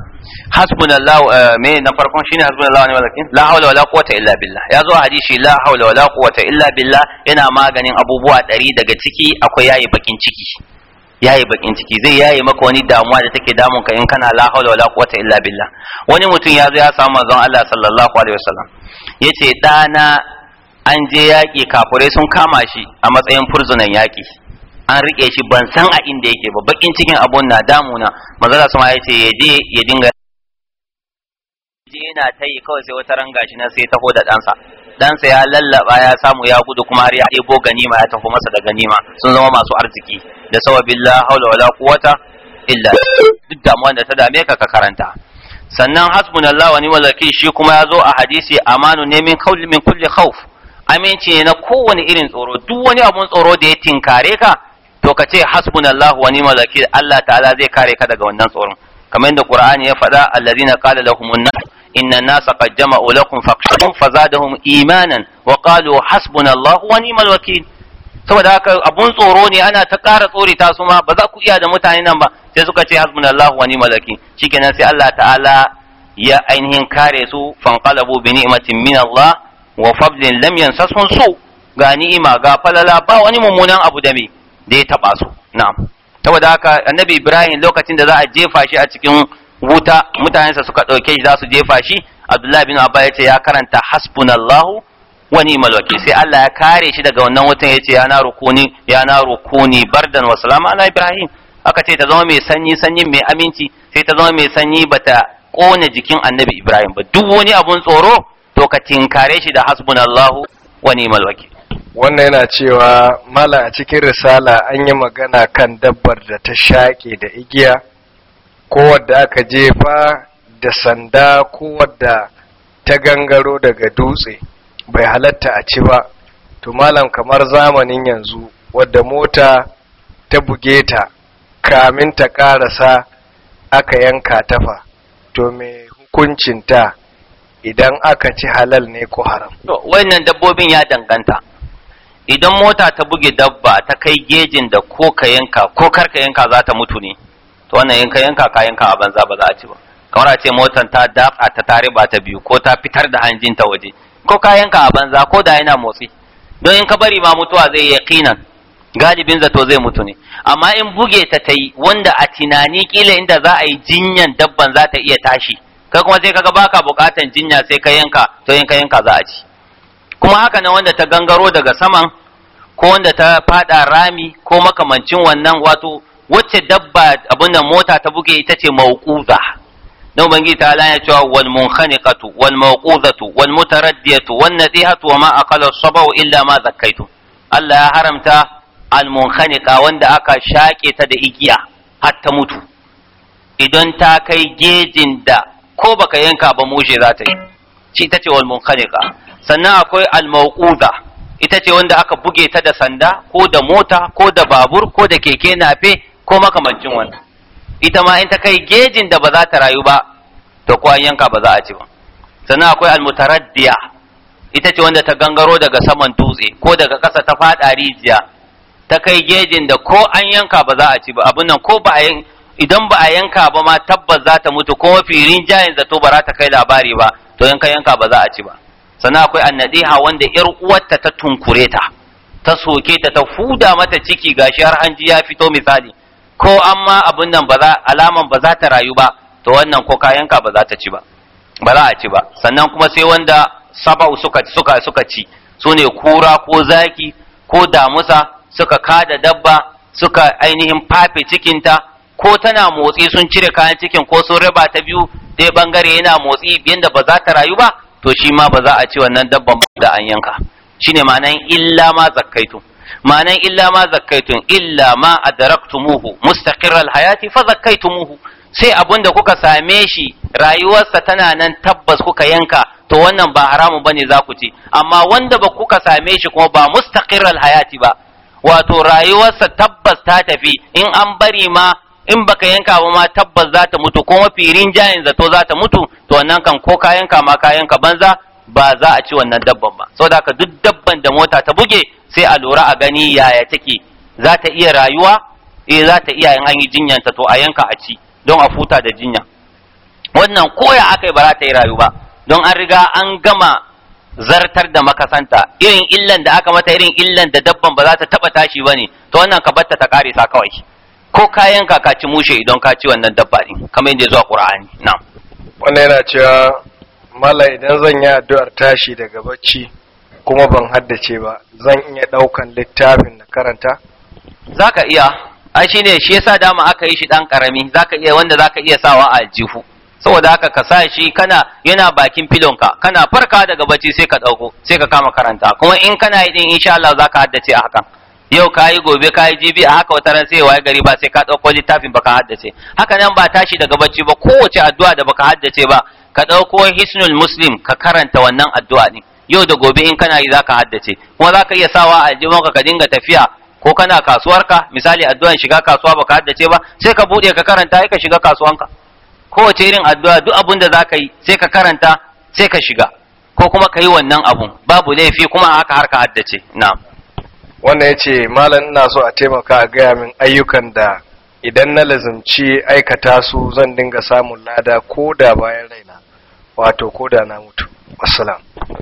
S1: Hasbuna Allah eh, me na farkon shine Allah ne walakin la hawla wala quwwata illa billah ya zo hadisi la hawla wala quwwata illa billah yana maganin abubuwa ɗari daga ciki akwai yayi bakin ciki yayi bakin ciki zai yayi maka wani damuwa da take damun ka in kana la hawla wala quwwata illa billah wani mutum ya zo ya samu manzon Allah sallallahu alaihi wasallam yace dana an je yaƙi kafurai sun kama shi a matsayin furzunan yaƙi an rike shi ban san a inda yake ba bakin cikin abun na damuna manzala sama ya ce ya je ya dinga je yana ta yi kawai sai wata ranga shi nan sai taho da ɗansa ɗansa ya lallaba ya samu ya gudu kuma har ya ɗebo ganima ya tafi masa da ganima sun zama masu arziki da sawabin haula wala quwata illa duk damuwan da ta dame ka ka karanta sannan hasbunallahu wa ni'mal wakil shi kuma ya zo a hadisi amanu ne min kulli min kulli khawf aminci ne na kowane irin tsoro duk wani abun tsoro da ya tinkare ka to ka ce hasbunallahu wa ni'mal wakil Allah ta'ala zai kare ka daga wannan tsoron kamar yadda Qur'ani ya faɗa allazina qala lahumun nas inna nas qad jama'u lakum fakhshawhum fazadahum imanan wa qalu hasbunallahu wa ni'mal wakil saboda haka abun tsoro ne ana ta ƙara tsori ta su ma ba za ku iya da mutane nan ba sai suka ce hasbunallahu wa ni'mal wakil shikenan sai Allah ta'ala ya ainihin kare su fanqalabu bi ni'matin min Allah wa fadlin lam su ga ni'ima ga falala ba wani mummunan abu da me da ya taba su na'am haka annabi ibrahim lokacin da za a jefa shi a cikin wuta mutanensa suka ɗauke shi za su jefa shi abdullahi bin abba ya ce ya karanta hasbunallahu wa ni'mal wakil sai Allah ya kare shi daga wannan wutan yace ya na rukuni ya na rukuni bardan wa salama ala ibrahim aka ce ta zama mai sanyi sanyin mai aminci sai ta zama mai sanyi bata kone jikin annabi ibrahim ba duk wani abun tsoro to ka tinkare shi da hasbunallahu wa ni'mal wakil
S2: wannan yana cewa mala a cikin risala an yi magana kan dabbar da ta shaƙe da igiya ko wadda aka jefa da sanda ko wadda ta gangaro daga dutse bai halatta a ci ba to malam kamar zamanin yanzu wadda mota ta buge ta kamin ta karasa aka yanka tafa to me hukuncinta idan aka ci halal ne ko haram.
S1: wannan dabbobin ya danganta. idan mota ta buge dabba ta kai gejin da ko ka yanka ko kar ka yanka za ta mutu ne to wannan in ka yanka ka yanka a banza ba za a ci ba kamar a ce motan ta dafa ta tare ba ta biyu ko ta fitar da hanjin ta waje ko ka yanka a banza ko da yana motsi don in ka bari ma mutuwa zai yaqinan galibin zato zai mutu ne amma in buge ta ta wanda a tunani kila inda za a yi jinyan dabban za ta iya tashi kai kuma sai kaga baka bukatan jinya sai ka yanka to in ka yanka za a ci kuma haka nan wanda ta gangaro daga saman ko wanda ta fada rami ko makamancin wannan wato wacce dabba abin da mota ta buge ita ce mauquza dan ubangiji ta ya cewa wal munkhaniqatu wal mauquzatu wal mutaraddiyatu wan nadihatu wa ma aqala sabau illa ma zakkaitu Allah ya haramta al munkhaniqa wanda aka shake ta da igiya har ta mutu idan ta kai gejin da ko baka yanka ba mushe za ta yi shi ta ce wal munkhaniqa sannan akwai almauquda ita ce wanda aka buge ta da sanda ko da mota ko da babur ko da keke nafe ko makamancin wanda ita ma in ta kai gejin da ba za ta rayu ba to ko an yanka ba za a ci ba sannan akwai almutaraddiya ita ce wanda ta gangaro daga saman dutse ko daga ƙasa ta faɗa rijiya ta kai gejin da ko an yanka ba za a ci ba abin nan ko ba a idan ba a yanka ba ma tabbas za ta mutu ko mafi rinjayen zato ba za ta kai labari ba to yanka yanka ba za a ci ba sannan akwai annadiha wanda yar uwarta ta tunkure ta ta soke ta ta fuda mata ciki gashi har hanji ya fito misali ko amma abin nan ba za alaman ba za ta rayu ba to wannan ko kayanka ba za ta ci ba ba za a ci ba sannan kuma sai wanda saba'u suka suka suka ci su ne kura ko zaki ko damusa suka kada dabba suka ainihin fafe cikinta ko tana motsi sun cire kayan cikin ko sun raba ta biyu ɗaya bangare yana motsi yadda ba za ta rayu ba to shi ma ba za a ci wannan dabban da an yanka shine ma'anan illa ma zakkaitu ma'anan illa ma zakkaitun illa ma adraktumuhu mustaqirral hayati fa zakkaitumuhu sai abun da kuka same shi rayuwarsa tana nan tabbas kuka yanka to wannan ba haramu bane za ku ci amma wanda ba kuka same shi kuma ba mustaqirral hayati ba wato rayuwarsa tabbas ta tafi in an bari ma in baka yanka ba ma tabbas za ta mutu ko mafi rinjayen zato za ta mutu to wannan kan ko ka yanka ma ka yanka banza ba za a ci wannan dabban ba saboda haka duk dabban da mota ta buge sai a lura a gani yaya take za ta iya rayuwa eh za ta iya yin an yi jinyanta to a yanka a ci don a futa da jinya wannan koya aka yi ba za ta yi rayu ba don an riga an gama zartar da makasanta irin illan da aka mata irin illan da dabban ba za ta taba tashi ba ne to wannan ka batta ta sa kawai ko kayan ka ka ci mushe idan ka ci wannan dabba din kamar yadda zuwa qur'ani na
S2: wannan yana cewa mala idan zan yi addu'ar tashi daga bacci kuma ban haddace ba zan iya daukan littafin na karanta zaka iya
S1: ai shine shi yasa dama aka yi shi dan karami zaka iya wanda zaka iya sawa a jihu saboda haka ka sa shi kana yana bakin filon ka, kana farka daga bacci sai ka dauko sai ka kama karanta kuma in kana yi din insha Allah zaka haddace a hakan yau ka yi gobe ka yi jibi a haka wata ran sai waye gari ba sai ka ɗauko littafin baka haddace haka nan ba tashi daga bacci ba kowace addu'a da baka haddace ba ka ɗauko hisnul muslim ka karanta wannan addu'a ne yau da gobe in kana yi zaka haddace kuma zaka iya sawa a aljihunka ka dinga tafiya ko kana kasuwarka misali addu'an shiga kasuwa baka haddace ba sai ka buɗe ka karanta ka shiga kasuwanka kowace irin addu'a duk abin da zaka yi sai ka karanta sai ka shiga ko kuma ka yi wannan abun babu laifi kuma haka har ka haddace na'am
S2: wannan ya ce malam ina so a taimaka a gaya min ayyukan da idan na lazimci aikata su zan dinga samun lada ko da bayan raina wato ko da na mutu wasalam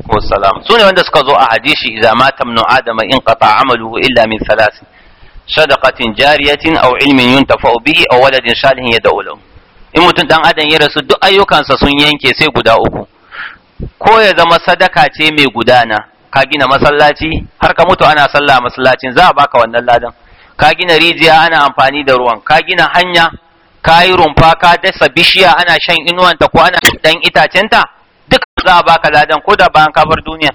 S2: wasalam sune wanda suka
S1: zo a hadisi idza mata ibn adama in qata amalu illa min thalath sadaqatin jariyatin aw ilmin yuntafa'u bihi aw waladin salihin yad'u lahu in mutum dan adam ya rasu duk ayyukansa sun yanke sai guda uku ko ya zama sadaka ce mai gudana ka gina masallaci har ka mutu ana sallah a masallacin za a baka wannan ladan ka gina rijiya ana amfani da ruwan ka gina hanya ka yi rumfa ka dasa bishiya ana shan inuwanta ko ana dan itacenta duk za a baka ladan ko da bayan ka bar duniya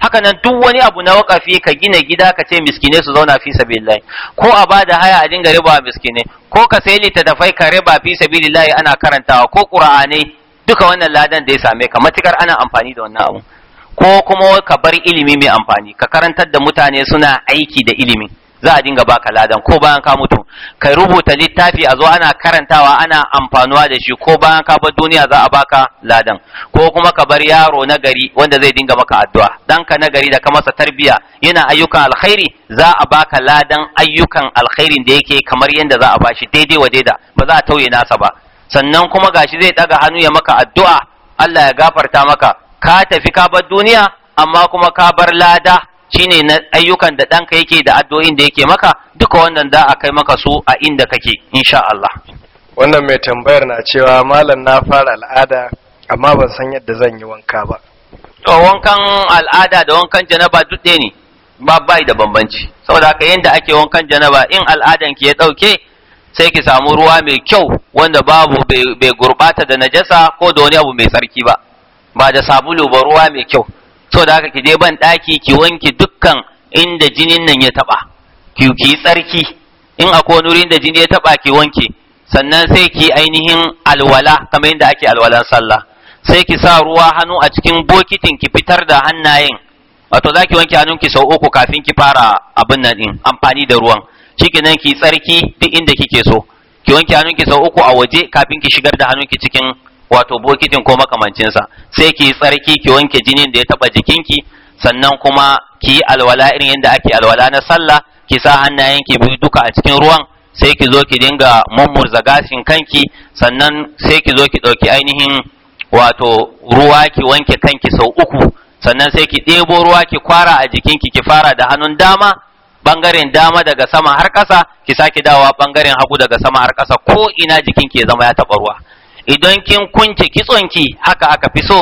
S1: haka nan duk wani abu na wakafi ka gina gida ka ce miskine su zauna fi sabilillahi ko a ba da haya a dinga riba miskine ko ka sai littattafai ka riba fi sabilillahi ana karantawa ko qur'anai duka wannan ladan da ya same ka matukar ana amfani da wannan abu ko kuma ka bar ilimi mai amfani ka karantar da mutane suna aiki da ilimi za a dinga baka ladan ko bayan ka mutu kai rubuta littafi a zo ana karantawa ana amfanuwa da shi ko bayan ka bar duniya za a baka ladan ko kuma ka bar yaro na gari wanda zai dinga maka addu'a danka na gari da ka masa tarbiya yana ayyukan alkhairi za a baka ladan ayyukan alkhairin da yake kamar yadda za a bashi daidai wa daida ba za a tauye nasa ba sannan kuma gashi zai daga hannu ya maka addu'a Allah ya gafarta maka ka tafi ka bar duniya amma kuma ka bar lada shine na ayyukan da ɗanka yake da addu'o'in da yake maka duka wannan za a kai maka su a inda kake insha Allah
S2: wannan mai tambayar na cewa malam na fara al'ada amma ban san yadda zan yi wanka ba to wankan al'ada da
S1: wankan janaba duk ɗaya ne ba bai da bambanci saboda haka yadda ake wankan janaba in al'adan ki ya ɗauke sai ki samu ruwa mai kyau wanda babu bai gurɓata da najasa ko da wani abu mai tsarki ba ba da sabulu ba ruwa mai kyau so da haka ki je ban daki ki wanke dukkan inda jinin nan ya taɓa ki yi tsarki in akwai wani da jini ya taɓa ki wanke sannan sai ki ainihin alwala kamar yadda ake alwalan sallah sai ki sa ruwa hannu a cikin bokitin ki fitar da hannayen wato za ki wanke ki sau uku kafin ki fara abin nan din amfani da ruwan nan ki tsarki duk inda kike so ki wanke ki sau uku a waje kafin ki shigar da hannun ki cikin wato bokitin ko makamancinsa sai ki tsarki ki wanke jinin da ya taba jikinki sannan kuma ki yi alwala irin yadda ake alwala na sallah ki sa hannayen ki biyu duka a cikin ruwan sai ki zo ki dinga mummurza gashin kanki sannan sai ki zo ki ɗauki ainihin wato ruwa ki wanke kanki sau uku sannan sai ki ɗebo ruwa ki kwara a jikinki ki fara da hannun dama bangaren dama daga sama har ƙasa ki sake dawowa bangaren hagu daga sama har ƙasa ko ina jikinki ya zama ya taɓa ruwa idan kin kunce kitsonki haka aka fi so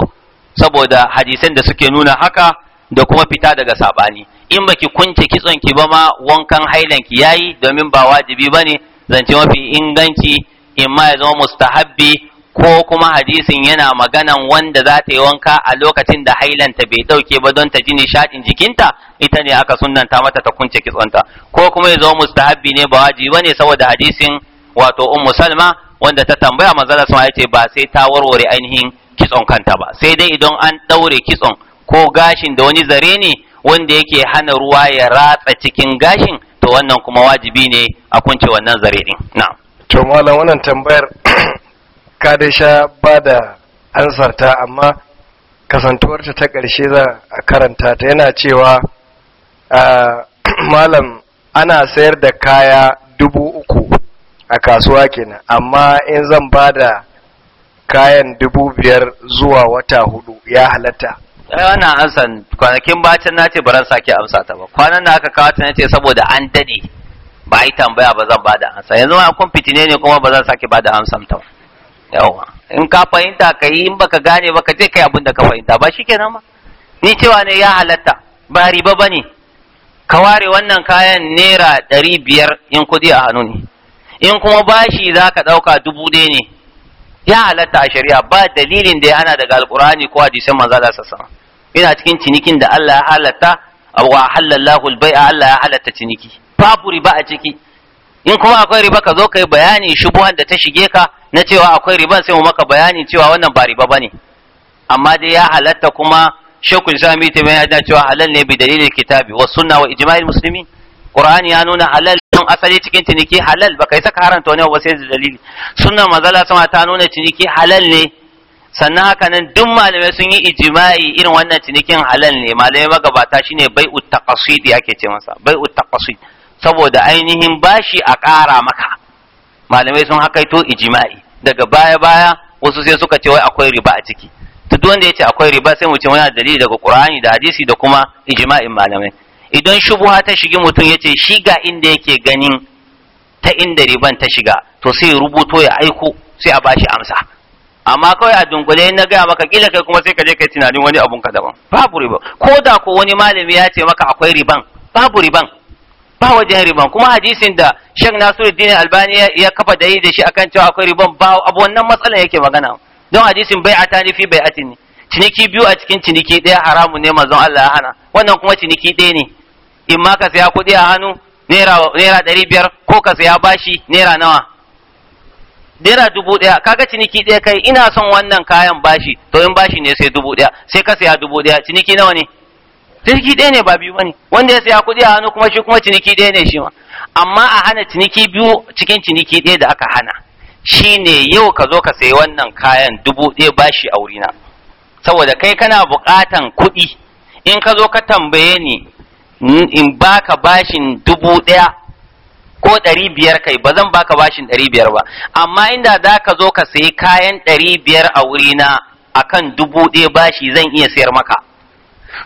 S1: saboda hadisan da suke nuna haka da kuma fita daga sabani in baki kunce kitsonki ba ma wankan hailanki yayi domin ba wajibi bane zance mafi inganci in ma ya zama mustahabbi ko kuma hadisin yana maganan wanda za ta yi wanka a lokacin da hailanta bai dauke ba don ta ji nishadin jikinta ita ne aka sunanta mata ta kunce kitsonta ko kuma ya zama mustahabbi ne ba wajibi bane saboda hadisin wato ummu salma wanda ta tambaya manzala sun ce ba sai ta warware ainihin kitson kanta ba sai dai idan an ɗaure kitson ko gashin da wani zare ne wanda yake hana ruwa ya ratsa cikin gashin to wannan kuma wajibi ne a kunce wannan zare din na'am
S2: to malam wannan tambayar ka dai sha ba da ansarta amma kasantuwarta ta ƙarshe za a karanta ta yana cewa ah, malam ana sayar da kaya dubu uku a kasuwa kenan amma in zan ba da kayan dubu biyar zuwa wata hudu ya halatta eh, ai an ansan kwanakin bacin
S1: na ce baran sake amsa ta ba kwanan da aka kawo ta ce saboda an dade ba a yi tambaya ba zan ba da amsa yanzu ma kun fitine ne kuma ba zan sake ba da amsan ta yawa in ka fahimta ka yi in baka gane ba ka je kai abin da ka fahimta ba shi kenan ba ni cewa ne ya halatta ba riba ba ne ka ware wannan kayan naira ɗari biyar in kuɗi a hannu ne in kuma bashi za ka ɗauka dubu ɗaya ne ya halatta a shari'a ba dalilin da ya hana daga alkur'ani ko hadisin manzo Allah sallallahu Ina cikin cinikin da Allah ya halatta wa halallahu al Allah ya halatta ciniki babu riba a ciki in kuma akwai riba ka zo kai bayani shubuhan da ta shige ka na cewa akwai riban sai mu maka bayani cewa wannan ba riba bane amma dai ya halatta kuma shekul sami ta a ya cewa halal ne bi dalilin kitabi wa sunna wa ijma'il muslimin qur'ani ya nuna halal tun asali cikin ciniki halal ba kai ka haranta wani abu sai da dalili Sunan mazala sama ta nuna ciniki halal ne sannan haka nan duk malamai sun yi ijima'i irin wannan cinikin halal ne malamai magabata shine bai taqasid yake ce masa bai saboda ainihin bashi a ƙara maka malamai sun to ijma'i daga baya baya wasu sai suka ce wai akwai riba a ciki to duk wanda ce akwai riba sai mu ce wani dalili daga Qur'ani da hadisi da kuma ijma'in malamai idan shubuha ta shige mutum ya ce shi ga inda yake ganin ta inda riban ta shiga to sai rubuto ya aiko sai a bashi amsa amma kawai a dungule na gaya maka kila kai kuma sai ka je kai tunanin wani abun ka daban babu riban ko da ko wani malami ya ce maka akwai riban babu riban ba wajen riban kuma hadisin da Sheikh Nasiruddin Albani ya kafa dai da shi akan cewa akwai riban ba abu wannan matsalan yake magana don hadisin bai'ata ni fi a ciniki biyu a cikin ciniki ɗaya haramun ne manzon Allah ya hana wannan kuma ciniki ɗaya ne in ma ka saya kuɗi a hannu naira ɗari biyar ko ka saya bashi naira nawa naira dubu ɗaya kaga ciniki ɗaya kai ina son wannan kayan bashi to in bashi ne sai dubu ɗaya sai ka saya dubu ɗaya ciniki nawa ne ciniki ɗaya ne ba biyu bane wanda ya saya kuɗi a hannu kuma shi kuma ciniki ɗaya ne shi ma amma a hana ciniki biyu cikin ciniki ɗaya da aka hana Shi ne yau ka zo ka sayi wannan kayan dubu ɗaya bashi a wurina saboda kai kana buƙatan kuɗi in ka zo ka tambaye ni in baka bashin dubu ɗaya ko ɗari biyar kai ba zan baka bashin ɗari biyar ba amma inda za ka zo ka sayi kayan ɗari biyar a wurina akan dubu ɗaya bashi zan iya sayar maka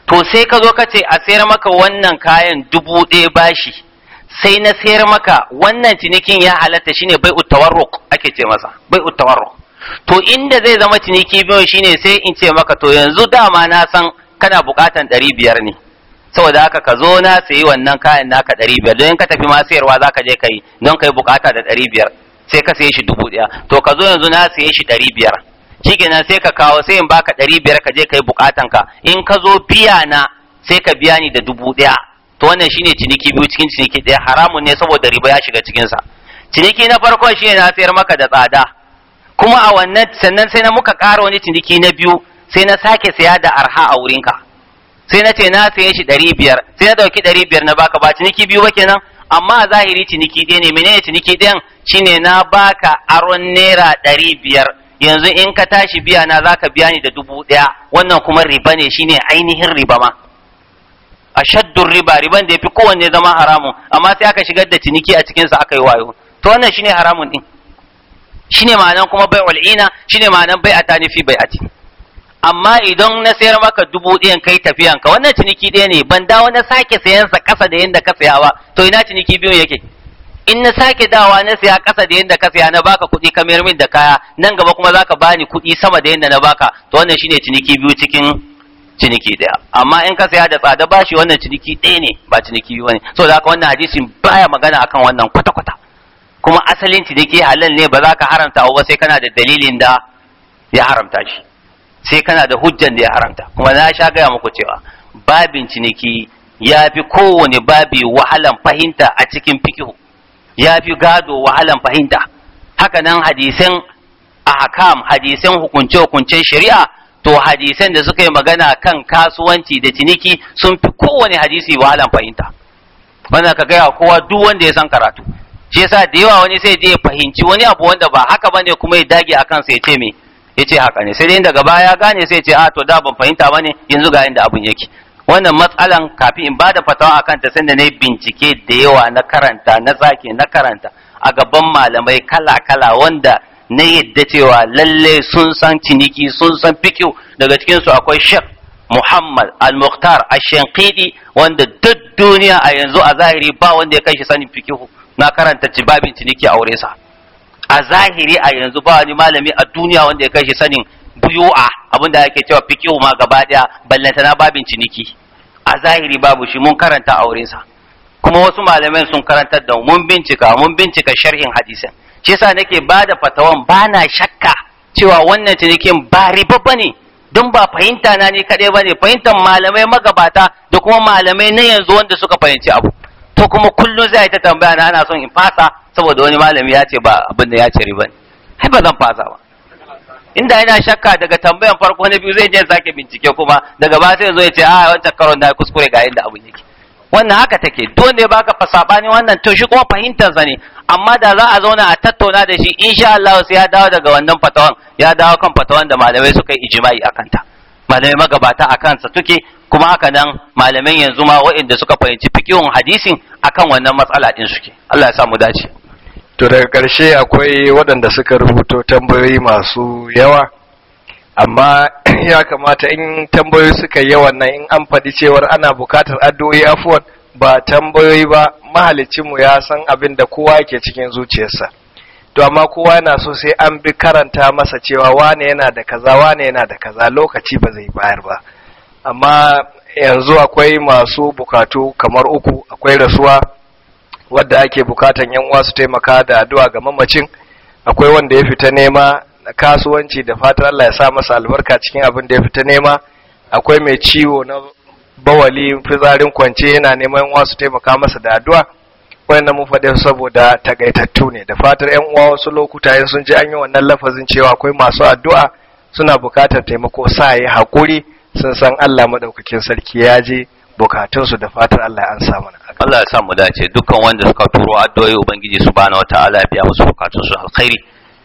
S1: to sai ka zo ka ce a sayar maka wannan kayan dubu ɗaya bashi sai na sayar maka wannan cinikin ya halatta shine bai utawarruk ake ce masa bai utawarruk to inda zai zama ciniki biyu shine sai in ce maka to yanzu dama na san kana bukatan ɗari biyar ne saboda haka ka zo na sayi wannan kayan naka ɗari biyar don in ka tafi ma sayarwa za ka je ka yi don ka yi bukata da ɗari biyar sai ka saye shi dubu ɗaya to ka zo yanzu na saye shi ɗari biyar Shi shikenan sai ka kawo sai in baka ɗari biyar ka je ka yi ka in ka zo biya na sai ka biya ni da dubu ɗaya to wannan shine ciniki biyu cikin ciniki ɗaya haramun ne saboda riba ya shiga cikinsa ciniki na farko shine na sayar maka da tsada kuma a wannan sannan sai na muka ƙara wani ciniki na biyu sai na sake saya da arha a wurinka sai na ce na saye shi ɗari biyar sai na ɗauki ɗari biyar na baka ba ciniki biyu ba kenan amma a zahiri ciniki ɗaya ne menene ciniki ɗayan shine na baka aron naira ɗari biyar yanzu in ka tashi biya na zaka biya ni da dubu ɗaya wannan kuma riba ne shine ainihin riba ma ashaddun riba riban da ya fi kowanne zama haramun amma sai aka shigar da ciniki a cikinsa aka yi wayo to wannan shine haramun shi shine ma'anan kuma wal'ina shi shine ma'anan bai bai'ata tani fi bai'ati amma idan na sayar maka dubu ɗayan kai tafiyan ka wannan ciniki ɗaya ne ban dawo na sake sayan sa ƙasa da yanda ka saya ba to ina ciniki biyu yake in na sake dawa na saya ƙasa da yanda ka saya na baka kuɗi ka mayar min da kaya nan gaba kuma zaka bani kuɗi sama da yanda na baka to wannan shine ciniki biyu cikin ciniki ɗaya amma in ka saya da tsada bashi wannan ciniki ɗaya ne ba ciniki biyu ne saboda haka wannan hadisin baya magana akan wannan kwata-kwata kuma asalin ciniki halal ne ba za ka haramta ba sai kana da dalilin da ya haramta shi sai kana da hujjan da ya haramta kuma na sha gaya muku cewa babin ciniki ya fi kowane babi wahalan fahimta a cikin fikihu ya fi gado wahalan fahimta haka nan hadisan ahkam hadisan hukunce hukuncen shari'a to hadisan da suka yi magana kan kasuwanci da ciniki sun fi kowane hadisi wahalan fahimta wannan ka gaya kowa duk wanda ya san karatu shi yasa da yawa wani sai je ya fahimci wani abu wanda ba haka bane kuma ya dage akan sai ya ce me Ya ce haka ne sai dai daga baya ya gane sai ce a ah, to da ban fahimta bane yanzu ga inda abun yake wannan matsalan kafin in bada fatawa akan ta sanda ne bincike da yawa na karanta na zaki na karanta a gaban malamai kala kala wanda na yadda cewa lalle sun san ciniki sun san fikiu daga cikin su akwai Sheikh Muhammad Al-Muqtar Ash-Shanqidi wanda duk duniya a yanzu a zahiri ba wanda ya kai shi sanin fikihu na karanta cibabin ciniki a sa a zahiri a yanzu ba wani malami a duniya wanda ya kai shi sanin buyu'a abinda ake cewa fiqihu ma gaba daya na babin ciniki a zahiri babu shi mun karanta sa kuma wasu malamai sun karantar da mun bincika mun bincika sharhin hadisin shi yasa nake bada fatawan bana shakka cewa wannan cinikin ba riba bane don ba fahimta na ne kadai bane fahimtar malamai magabata da kuma malamai na yanzu wanda suka fahimci abu To kuma kullum zai ta tambaya na ana son in fasa saboda wani malami ya ce ba abin da ya ce riba ne ai ba zan fasa ba inda yana shakka daga tambayan farko na biyu zai je sake bincike kuma daga ba sai zo ya ce a ah, wancan karon da kuskure ga inda abin yake wannan haka take dole ba baka fasabani wannan to shi kuma fahimtar sa ne amma da za a zauna a tattauna da shi insha Allah sai ya dawo daga wannan fatawan ya dawo kan fatawan da malamai suka yi ijma'i akan ta malamai magabata a kansa tuke kuma haka nan malamai yanzu ma waɗanda suka fahimci fikihun hadisin akan wannan matsala din suke Allah ya sa mu dace
S2: to daga ƙarshe akwai waɗanda suka rubuto tambayoyi masu yawa amma ya kamata in tambayoyi suka yawan nan in an faɗi cewar ana buƙatar addu'o'i afuwan ba tambayoyi ba mahalicinmu ya san abin da kowa ke cikin zuciyarsa to amma kowa yana so sai an bi karanta masa cewa wane yana da kaza wane yana da kaza lokaci ba zai bayar ba amma yanzu akwai masu bukatu kamar uku akwai rasuwa wadda ake bukatan yan uwa su taimaka da addu'a ga mamacin akwai wanda ya fita nema kasuwanci da fatan Allah ya sa masa albarka cikin abin da ya fita nema akwai mai ciwo na bawali fizarin kwance yana neman yan uwa su taimaka masa da addu'a wannan mun faɗi saboda takaitattu ne da fatar ƴan uwa wasu lokuta in sun ji an yi wannan lafazin cewa akwai masu addu'a suna bukatar taimako sa yi haƙuri sun san Allah maɗaukakin sarki ya je bukatunsu da fatar Allah ya ansa mana
S1: Allah ya sa mu dace dukkan wanda suka turo addu'o'i ubangiji subhanahu wataala ya biya musu bukatunsu alkhairi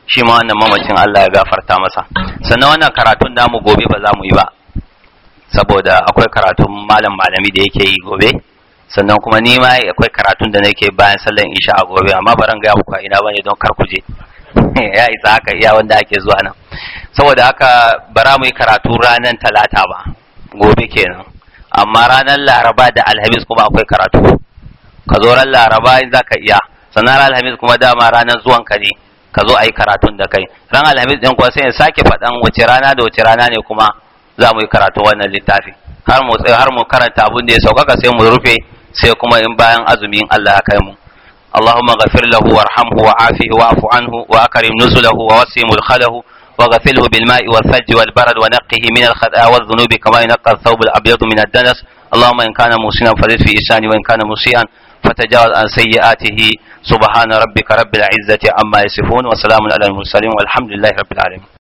S1: shi ma wannan mamacin Allah ya gafarta masa sannan wannan karatun namu gobe ba za mu yi ba saboda akwai karatun malam malami da yake yi gobe sannan kuma ni ma akwai karatun da nake bayan sallan isha a gobe amma baran ga ku ina bane don kar ku je ya isa haka iya wanda ake zuwa nan saboda haka bara mu yi karatu ranar talata ba gobe kenan amma ranar laraba da alhamis kuma akwai karatu ka zo ran laraba in zaka iya sannan ran alhamis kuma dama ranar zuwan ka ne ka zo a yi karatun da kai ran alhamis ɗin kuwa sai in sake faɗan wace rana da wace rana ne kuma za mu yi karatu wannan littafi har mu har mu karanta abin da ya sauƙaƙa sai mu rufe sai kuma in bayan azumi in Allah ya kai mu اللهم اغفر له وارحمه وعافه واعف عنه واكرم نزله ووسع مدخله وغسله بالماء والثلج والبرد ونقه من الخطايا والذنوب كما ينقى الثوب الابيض من الدنس اللهم ان كان موسنا فزد في احسانه وان كان مسيئا فتجاوز عن سيئاته سبحان ربك رب العزه عما يصفون وسلام على المرسلين والحمد لله رب العالمين